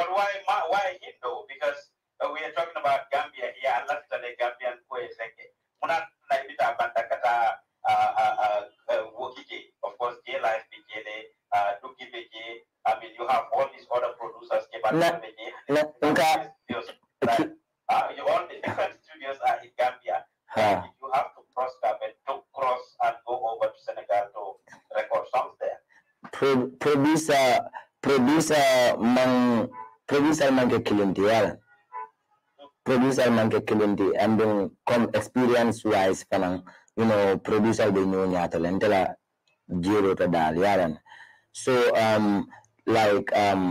But why why though? Because uh, we are talking about Gambia here, and that's the Gambian way. Like, muna naibita bandakata uh, uh, uh, wokike. Of course, J Life BJL, Duki BJ. I mean, you have all these other producers, No, BJ. Like, uh, all the different studios are in Gambia. Huh. Ah. You have to cross Gambia, to cross and go over to Senegal to record songs there. Pro- producer, producer, Mang provincial manke kilindi producer provincial manke kilindi and then come experience wise fanan you know provincial be ñoo ñatal entela zero to dal yaran so um like um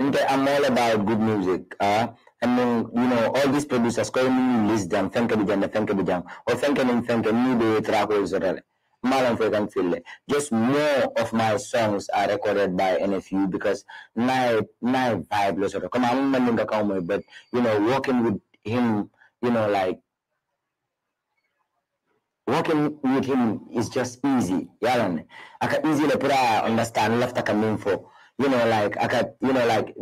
I'm all about good music. Uh, I mean, you know, all these producers, call me, list them, thank you, thank you, thank you, or thank you, thank you, new day, track, or Malam Freaking Fille. Just more of my songs are recorded by NFU because my my vibe was sort of come on, but you know, working with him, you know, like working with him is just easy. Yeah, I can easily put I understand left I can mean for you know, like I can, you know, like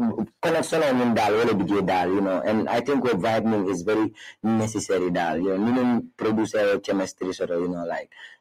connection on in dal, really big dal, you know, and I think what vibing is very necessary dal, you know, meaning producer chemistry sort of, you know, like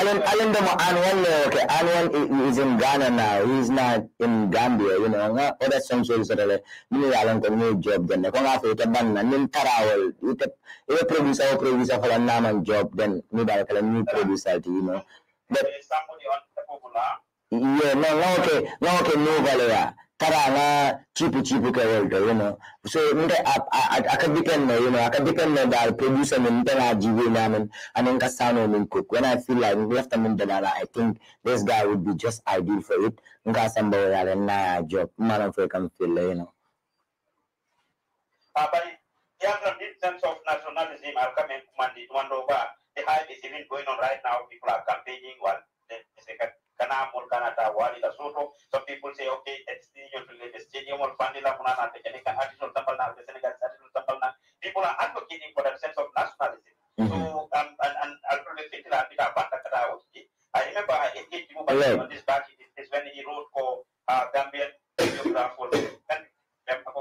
Alen temo anwen lew eh, ke, anwen is in Ghana nou, is nan in Gambia, ou da son chou ou sotele, mwen alen kon nou job dene, kon afi wite ban nan, nin para wou, wite, yo produsa, yo produsa, fwa nan nan job dene, mwen alen kon nou produsa te, yon nou. Mwen wakke nou kwa lew ya. Karana, cheaper, cheaper character, you know. So, I, I, I depend on, you know, I can depend on that producer, and then I give him, and then I cook. When I feel like left them in I think this guy would be just ideal for it. Because somebody that and I job, man, I'm freaking feel, you know. Uh, but you have no deep sense of nationalism. I'll come and command it one over. The hype is even going on right now. People are campaigning. one kana ta wali soto. people say, okay, it's the stadium or People are advocating for a sense of nationalism. Mm -hmm. So, um, and, and Alfred Fitila Abida that, I remember I engaged him on this back, it's when he wrote for uh, Gambian videographer,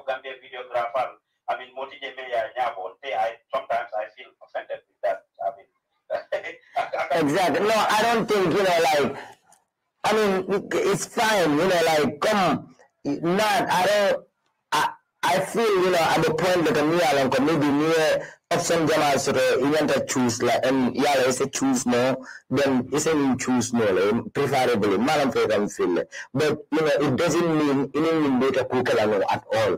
Gambian videographer, I mean, Moti Jemeya Nyabo. I Sometimes I feel offended with that. I mean, exactly. No, I don't think, you know, like, I mean, it's fine, you know, like, come, not, I don't, I, I feel, you know, at the point that me, I'm like, maybe me, option them as the event I choose, like, and yeah, like, say choose no, then it's a choose no, like, preferably, man, I'm feel, but, you know, it doesn't mean, it doesn't mean better cooker at all.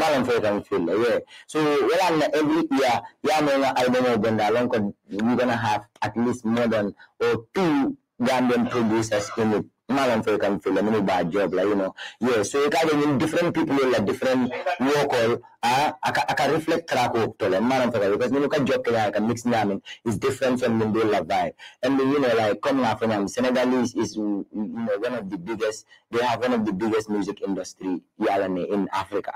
malam fe kan feel yeah so wala na every year ya mo nga album mo benda long we gonna have at least more than or two Gambian producers in it malam fay can feel a munu bad job la you know yeah so you can ñun different people la different local a aka aka reflect track of to la malam fay because ñun ka job ka ka mix na min is different from the do vibe and you know like coming out from Senegalese is you know one of the biggest they have one of the biggest music industry in Africa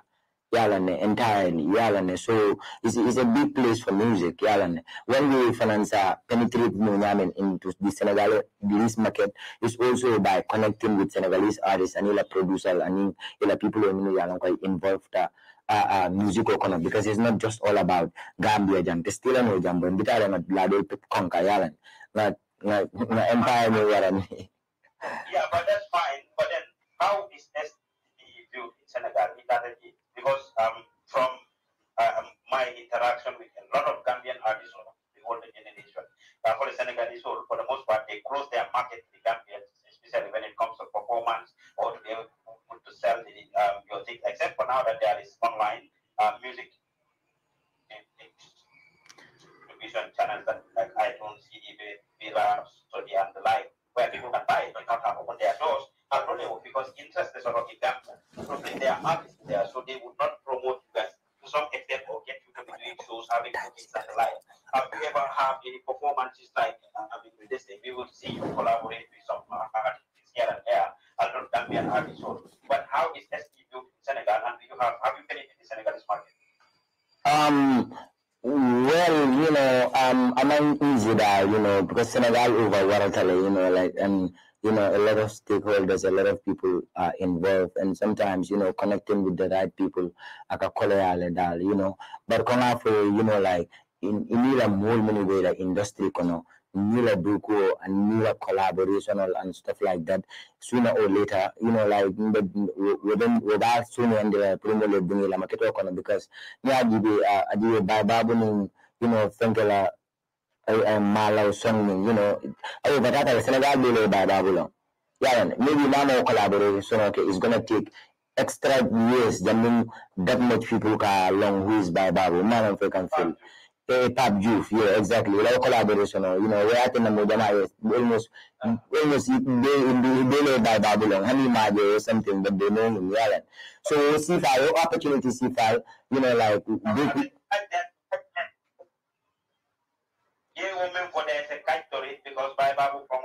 Yalane entirely, Yalane. So it's, it's a big place for music, Yalane. When we finance uh, penetrate Munyamin into the Senegalese market, it's also by connecting with Senegalese artists and ila producers and the people who are involved in uh, uh, uh music economy because it's not just all about Gambia It's still an ojambo. Mbita ala na blado konka Yalan. Na, na, na empire ni Yeah, but that's fine. But then how is this the in Senegal? It because um, from uh, um, my interaction with a lot of Gambian artists of the older generation, uh, for the Senegalese, for the most part, they close their market to the Gambians, especially when it comes to performance or to be able to, sell the, um, your things, except for now that there is online uh, music distribution channels that like iTunes, CD, Villa, Sony, and the like, where people can buy it, but not have open their doors because interest is not in them. So they are artists there, so they would not promote you guys to some extent or get you to be doing shows, having bookings and the like. Have you ever had any performances like, I mean, this day, we will see you collaborate with some uh, artists here and there, do not Gambian artists. So, but how is SD built in Senegal, and do you have, have you penetrated the Senegalese market? Um, well, you know, um, I'm easy there, you know, because Senegal over Waratale, you know, like, and you know a lot of stakeholders a lot of people are involved and sometimes you know connecting with the right people aka kole ale dal you know but kona for you know like in inila more many way like industry kono a buku and a collaborational and stuff like that sooner or later you know like within without sooner and the primo le bunila maketo kono because ni adibe uh, adibe babu you know think lot malaw song you know ayo batata le senegal bele ba babulo yaran maybe mama o collaborate so okay it's gonna take extra years than mean that much people can long ways by babu mama fe kan feel eh pap juice yeah exactly like collaboration oh, you know we at na mo jama yes almost almost they in the bele by babylon hani ma or something but they know him yaran so see if i opportunity see if i you know like ye women for there is a catch to it because Bible from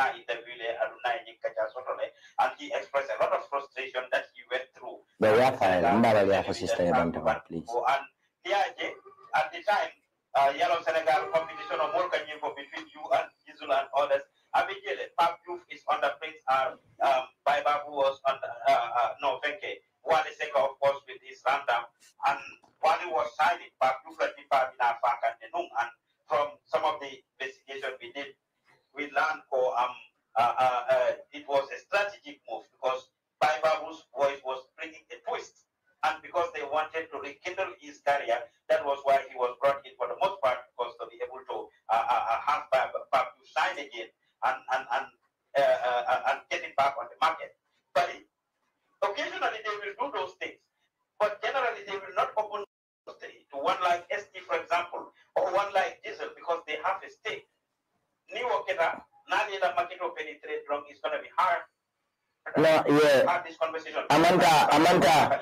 na interview le alumni in Kajasoto and he expressed a lot of frustration that he went through. The Rafael, Mbara Rafa sister Yabantabat, please. And Niaje, at the time, uh, Yellow Senegal competition of Morgan Yuko between you and Gizul and others. Abijele, Pap Youth is on the Prince uh, um, Baibabu was on the, uh, uh, no, Venke. Wally Seka, of course, with his random. And Wally was signing Pap Youth, Latifa, Binafa, and Denung. And from some of the investigation we did, we learned for um, uh, uh, uh, it was a strategic move because Baibabu's voice was bringing a twist. And because they wanted to rekindle his career, that was why he was brought in for the most part, because to be able to uh, uh, uh, have Babu sign again and and and, and get it back on the market. But occasionally they will do those things, but generally they will not open to one like ST, for example, or one like diesel because they have a stake. New Okeda, now the market will penetrate wrong is going to be hard. No, yeah. Hard this conversation. Amanda, Amanda.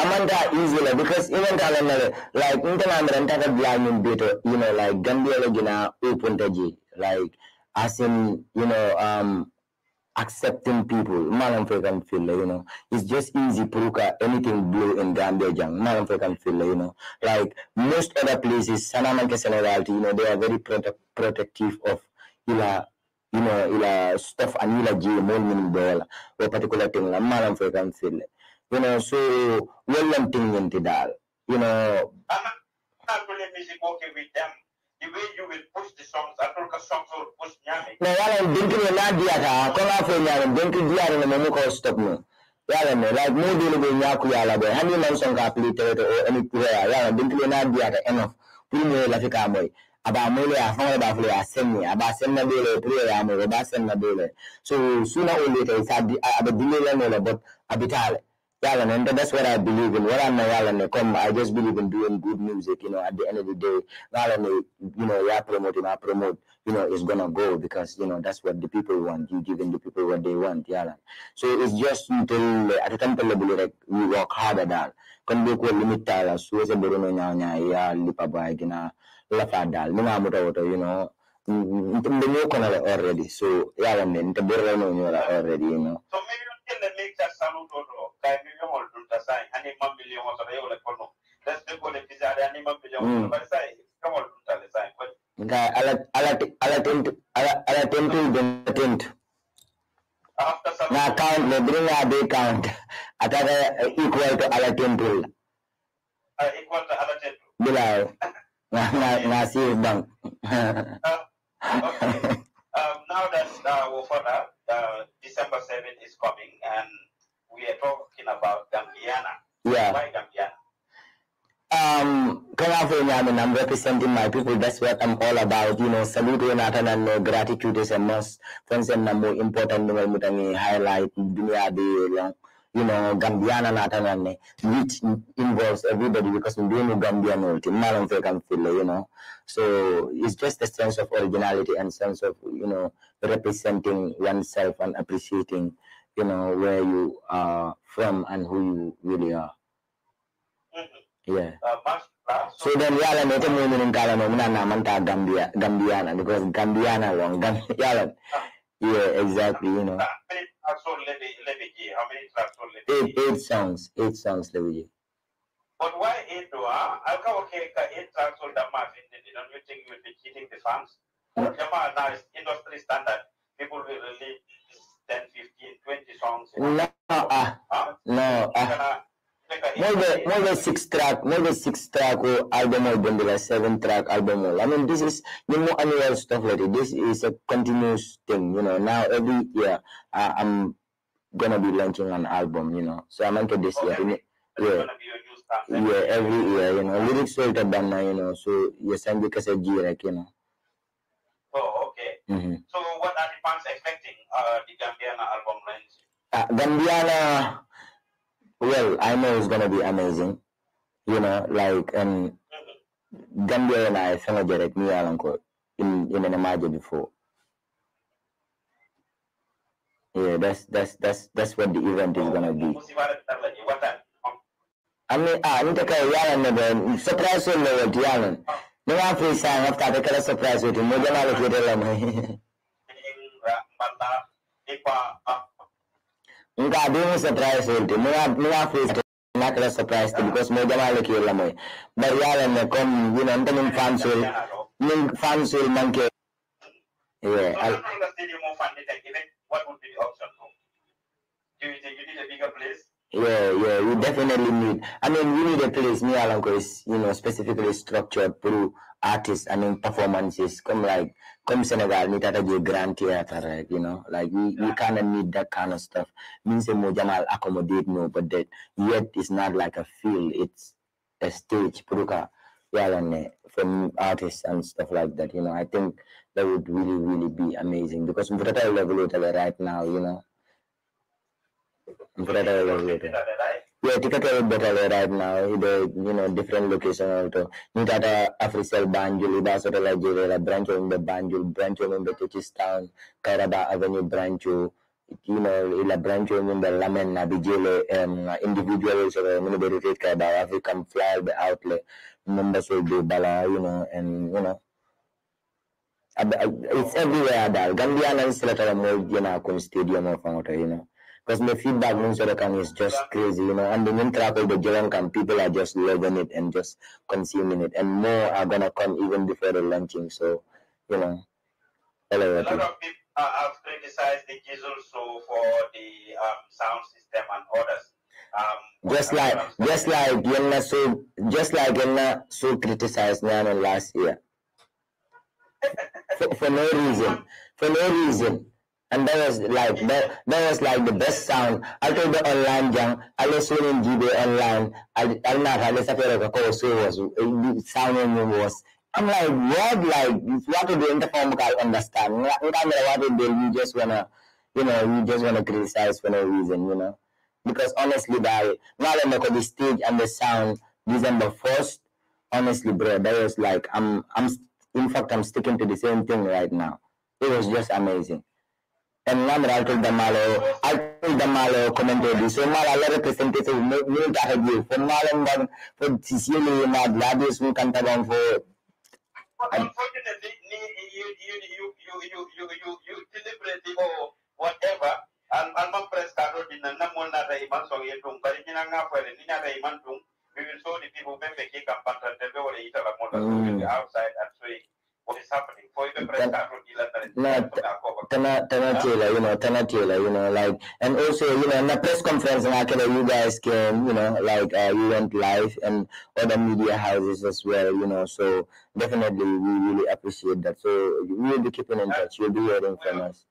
Amanda easily because even talent like internal and that blind in bit you know like Gambia like open to like as in you know um accepting people. Malam fekan feel you know. It's just easy puruka anything blue in Gambia jang. Malam fekan feel you know. Like most other places, Sanamanke Senegal, you know, they are very prote- protective of ila you know ila stuff and ila ji more meaning there or particular thing la malam fekan feel. You know, so well thing in dal. You know. I'm not really busy working with them the way you will push the songs, Africa songs will push Nyame. No, yala dinki me I diya ta, ko na I Nyame, dinki diya re me mo ko stop mo. Yala me, like mo dilu be nyaku yala be, hani man song ka play tere to any prayer, yala dinki me na diya ta enough. Pili mo la fi ka moy. Aba mo le afon ba fle a senni, aba senna be le prayer ya mo, aba senna be le. So sooner or later it's a aba delay le no le but abitale yelling, and that's what I believe in. What I'm not come, I just believe in doing good music. You know, at the end of the day, yelling, you know, yeah, promoting, I promote. You know, it's gonna go because you know that's what the people want. You giving the people what they want, yelling. So it's just until at the time like we work harder. at that. Can be quite limited. So it's a bit of a ya lipa by gina lafa dal. Mina muta you know. Mm, mm, mm, Ndemo kona already. So yeah, I'm no kona already. You know. kay million ol dulta sai ani mam million o sota yewle kono desde ko le fisade ani mam million o bari sai kamol dulta le sai ko ga ala ala ala tent ala ala tent de tent na count le bring a day count ataka eh, equal to ala tent uh, ah, equal to ala tent bila na na na see bank ah, okay um now that uh, Wofana, uh, December 7 is coming and we are talking about Gambiana. Yeah. Why Gambiana? Um, Kalafu I mean, I'm representing my people. That's what I'm all about. You know, salute Nathan and no uh, gratitude is a must. Friends and uh, more important thing highlight dunia You know, Gambiana Nathan and which involves everybody because we are not Gambian ulti. you know. So it's just a sense of originality and sense of, you know, representing oneself and appreciating you know, where you are from and who you really are. Mm-hmm. Yeah. Uh, so then yala no to mun mun kala no mun na manta Gambia Gambiana because Gambiana long Gambiana. Yeah, exactly, you know. Eight, eight songs, eight songs Leviji. But why eight though? I'll come okay eight tracks on the map don't you think you'll be cheating the fans? Yama mm. now is industry standard. People will really 10, 15, 20 songs. You know? Ah, no, uh, no. Uh, more the more the six track, more the six track or album album, the like seven track album. I mean, this is the more annual stuff like it. This is a continuous thing, you know. Now every year uh, I'm gonna be launching an album, you know. So I'm into this okay. year. Yeah. Yeah, every year, you know, lyrics filter done now, you know, so you send because a G, like, you know. Oh, okay. Mm -hmm. So, what are fans expecting uh, the Gambiana album launch? Uh, Gambiana, well, I know it's gonna be amazing. You know, like and um, mm-hmm. Gambia and I celebrated me Alanko in in an imagine before. Yeah, that's that's that's that's what the event is gonna be. I mean, ah, ah, ni taka yalan na surprise na ba yalan. Ni ma free sign after the surprise with him. Mo jama'a da look, da lamai. pátá nípa. Încă avem un surprise el, a, nu a fost n-a surprise because mă gândeam la chestia mai. Dar iar Yeah. I don't know the you you a bigger place? Yeah, yeah, you definitely need. I mean, you need a place. Me, Alanko is, you know, specifically structured through artists, I mean performances. Come like come Senegal, need to do grand theater, you know. Like we, yeah. we kinda need that kind of stuff. Means more general accommodate no, but that yet it's not like a field, it's a stage, Puruka, yeah, uh, from artists and stuff like that, you know. I think that would really, really be amazing because Mvutata level right now, you know. Mvutata level yeah, Tika traveled better way right now. They, you know, different location also. Nitata Afrisel Banjul, Idasotola Jirela, branch in the Banjul, branch in the Turkistan, Karaba Avenue branch, you know, ila branch in the Lamen Nabijele, um, individuals of the Minibirate Kairaba, African flag, the outlet, members will be Bala, you know, and, you know, it's everywhere. That Gambian and Selector Mold, you know, stadium of, you know because the feedback means the can is just crazy, you know. And the main Mintrakel, the Jeronkan, people are just loving it and just consuming it. And more are going to come even before the launching. So, you know, hello. A lot of people have criticized the Jizzle so for the um, sound system and others. Um, just like, just like Yenna so, just like Yenna so criticized Nana last year for, for no reason, for no reason. And that was like that, that was like the best sound. I told the online jam, I was winning GB online. I I'm not I just feel like a call so was it sounding was I'm like what like what to do in the form I understand. What do, you just wanna you know, you just wanna criticize for no reason, you know. Because honestly by now that I the stage and the sound December first, honestly bro, that was like I'm I'm in fact I'm sticking to the same thing right now. It was just amazing. en namre altul dammalo malo alto dammalo malo commentedi so mala ala representative minta heji fo mala ngan fo sisiyeli ma laadis en kantagon fo whatever an an man prestado din na namol na ray man outside and swing what is happening. No, cannot Taylor, you know, Tana Taylor, you know, like, and also, you know, in the press conference, and actually, you guys came, you know, like, uh, you went live and other media houses as well, you know, so definitely we really appreciate that. So we'll be keeping in touch. You'll be hearing from us.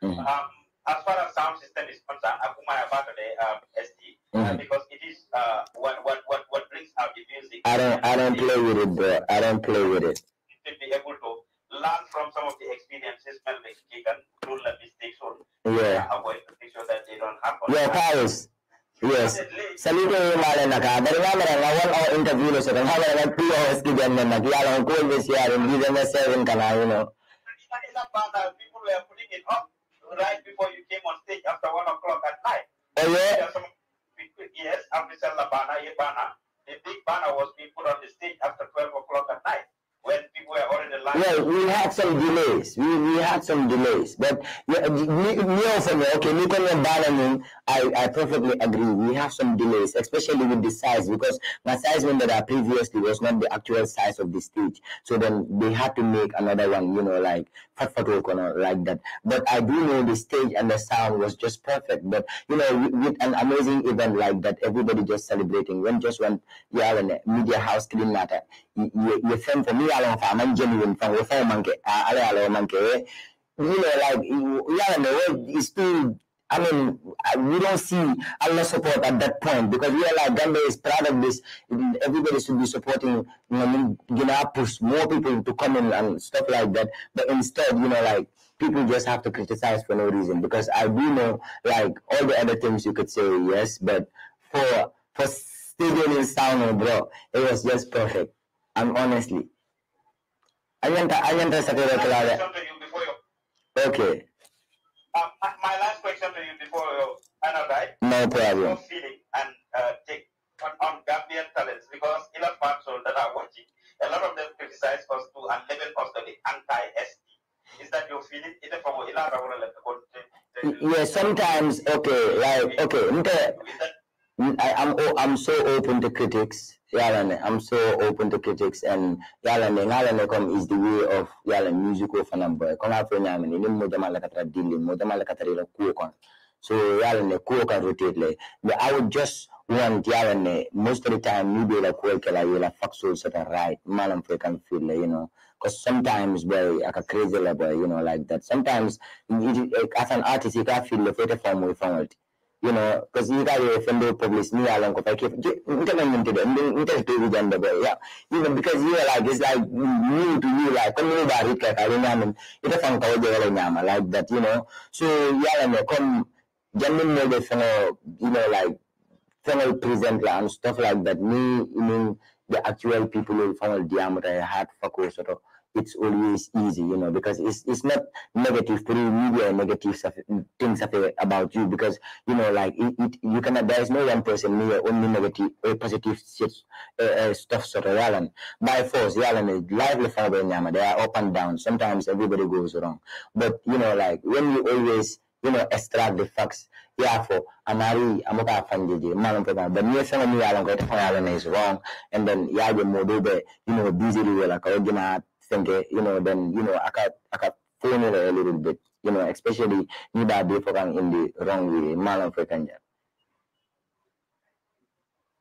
Mm-hmm. Um, as far as sound system is concerned, I Akumaya Bakade, my um, SD, Mm. because it is uh, what, what, what, what brings out the music. I don't I don't play with it, bro. I don't play with it. You should be able to learn from some of the experiences that they can do the mistakes or yeah. avoid to make sure that they don't happen. Yeah, Paris. Yes. Salute yung mali na ka. Dari nga meron na one hour interview na siya. Kaya meron na two hours ka dyan na nakiyala ang cool this year and give them a seven ka na, you know. That is a bad that people were putting it up right before you came on stage after one o'clock at night. Oh yeah? yes, Amritsar Labana, Yabana. The big banner was being put on the stage after 12 o'clock at night when people were already Well, we had some delays. We, we had some delays. But yeah, me, me also, okay, me and Bannon, I, I perfectly agree. We have some delays, especially with the size, because my size when that I previously was not the actual size of the stage. So then they had to make another one, you know, like Fat Fat like that. But I do know the stage and the sound was just perfect. But, you know, with, an amazing event like that, everybody just celebrating, when just one, yeah, when media house clean matter. You مي على فعمان genuine from وسام منك man على منك really like yeah and the world is too I mean, uh, we don't see a lot of support at that point because we are like Gambia is proud of this. Everybody should be supporting, you know, you know, push more people to come in and stuff like that. But instead, you know, like people just have to criticize for no reason because I do know like all the other things you could say yes, but for for stadium in Sauno, bro, it was just perfect. I'm honestly. I didn't, I didn't Okay. Um, my last question to you before you uh, No problem. Your feeling and uh, take on, on Gambian talents because a lot of people that are watching, a lot of them criticize us too and even us the anti sd Is that your feeling? Is it from yeah, sometimes okay, like okay. I, I'm oh, I'm so open to critics. Yalane. I'm so open to critics and Yalane, Yalane come is the way of Yalane musical fanamboy. Kon afro nyamene, ni mo dama la katra dili, mo dama la katra la kuo kon. So Yalane, kuo kan rotate le. But I would just want Yalane, most of the time, you be la kuo ke la yela fuck so set a right, malam fe feel you know. Because sometimes, boy, like a crazy level, you know, like that. Sometimes, as an artist, you can feel the fate form with formality you know, because you guys offender published me along of like if intervening to them, interview them the way, yeah. Even because you are like it's like new to you, like come over it like I remember it a fun call the like that, you know. So yeah know, come jamming me the funnel, you know, like funnel present and stuff like that. Me you mean the actual people who the funnel diameter hard fuck sort of it's always easy, you know, because it's it's not negative through media negative stuff, things about you because you know like it, it you cannot there is no one person media only negative or uh, positive shit, uh, uh, stuff sort of yalan by force yalan is lively father nyama they are up and down sometimes everybody goes wrong but you know like when you always you know extract the facts for amari amoka fanjeje malam pega the mere sama mi yalan ko tafan yalan is wrong and then yaje modube you know busy wala ko gina thinking, you know, then, you know, I can, I got phone it a little bit, you know, especially me that be fucking in the wrong way, Malam of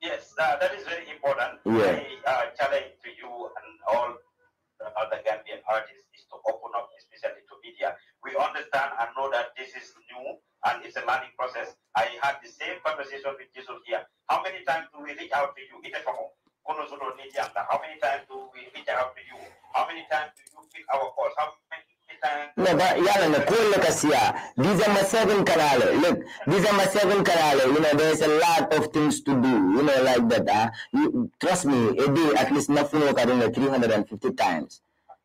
Yes, uh, that is very important. Yeah. My uh, challenge to you and all the other Gambian artists is to open up, especially to media. We understand and know that this is new and it's a learning process. I had the same conversation with Jesus here. How many times do we reach out to you? It's how many times do we reach out to you? How many times do you pick our calls? How many naga yala na cool na kasiya these are my seven karale look these are my seven karale you know there's a lot of things to do you know like that uh, you, trust me it day at least nothing funo the 350 times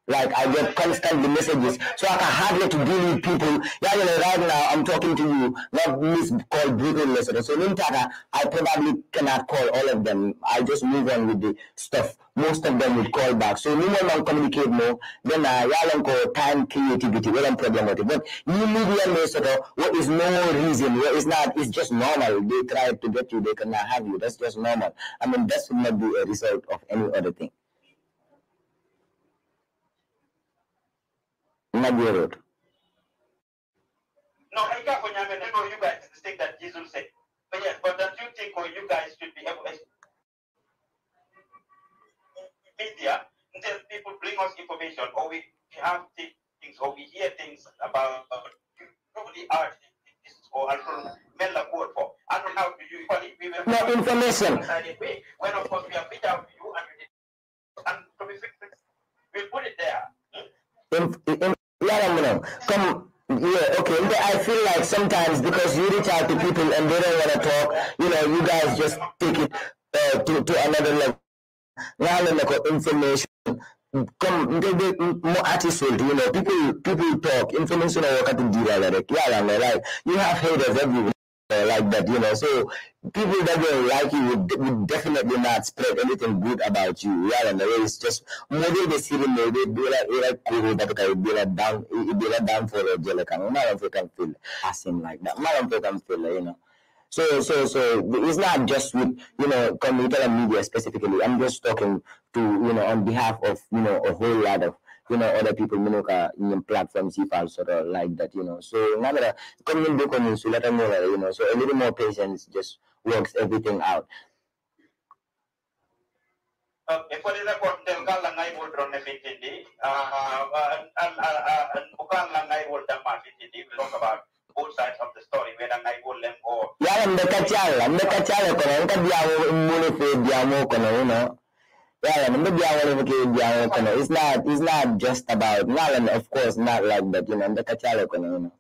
like I get constantly messages, so I can hardly to deal with people. Yeah, you know, right now I'm talking to you, not miss call brutal listeners. So Lintaka, I probably cannot call all of them. I just move on with the stuff. Most of them will call back. So no one communicate more. Then I uh, you call time creativity. Well, I'm problem with it. But new media message, uh, is no reason? What is not? It's just normal. They try to get you. They cannot have you. That's just normal. I mean, that should not be a result of any other thing. na jerot. No, haika kwenye ameneno you guys the thing that Jesus said. But yes, but don't you think or you guys should be able media until people bring us information or we have things or we hear things about probably art or men like work for. I don't know how to use we were no information. When of course we are video of you and you did and to be fixed, we put it there. Hmm? In, in, I'm gonna come. Yeah, okay. But I feel like sometimes because you reach out to people and they don't want to talk, you know, you guys just take it uh, to, to another level. Rather like information, comme more artist you know people people talk information I work at the yeah like you have haters everywhere uh, like that, you know. So people that don't like you would, would definitely not spread anything good about you. Yeah, and the it's just than the city maybe be like be like cool that I be like down be like down for a jelly can not if can feel passing like that. Not if you can feel you know. So so so it's not just with you know communicator media specifically. I'm just talking to you know on behalf of you know a whole lot of you know other people you know ka in mm, platforms if also like that you know so another come book on let you know so a little more patience just works everything out uh, ekolera eh, kontem kala ngai wodro ne mitindi ah, ah, ah, ukala ngai wodam matindi we talk about both sides of the story whether ngai wolem or yala ndekachala ndekachala kono nka diamo mune fe diamo kono you know yeah, I want to It's not, it's not just about and of course, not like that, you know, the Kachalo, you know.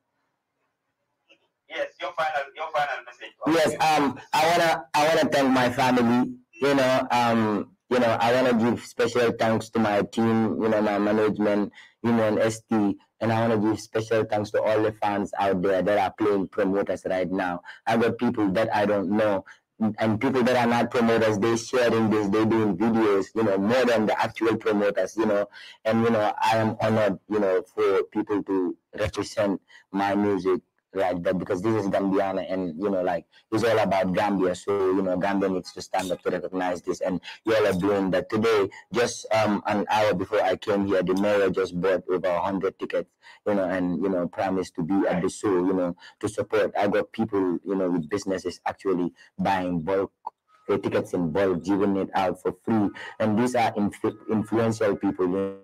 Yes, your final, your final message. Yes, um, I wanna, I wanna thank my family. You know, um, you know, I wanna give special thanks to my team. You know, my management, you know, and ST, and I wanna give special thanks to all the fans out there that are playing promoters right now. I got people that I don't know and people that are not promoters, they sharing this, they doing videos, you know, more than the actual promoters, you know. And you know, I am honored, you know, for people to represent my music like that because this is Gambiana and you know like it's all about Gambia so you know Gambia needs to stand up to recognize this and y'all are doing that today just um an hour before I came here the mayor just bought over 100 tickets you know and you know promised to be at the show you know to support I got people you know with businesses actually buying bulk uh, tickets in bulk giving it out for free and these are inf- influential people you know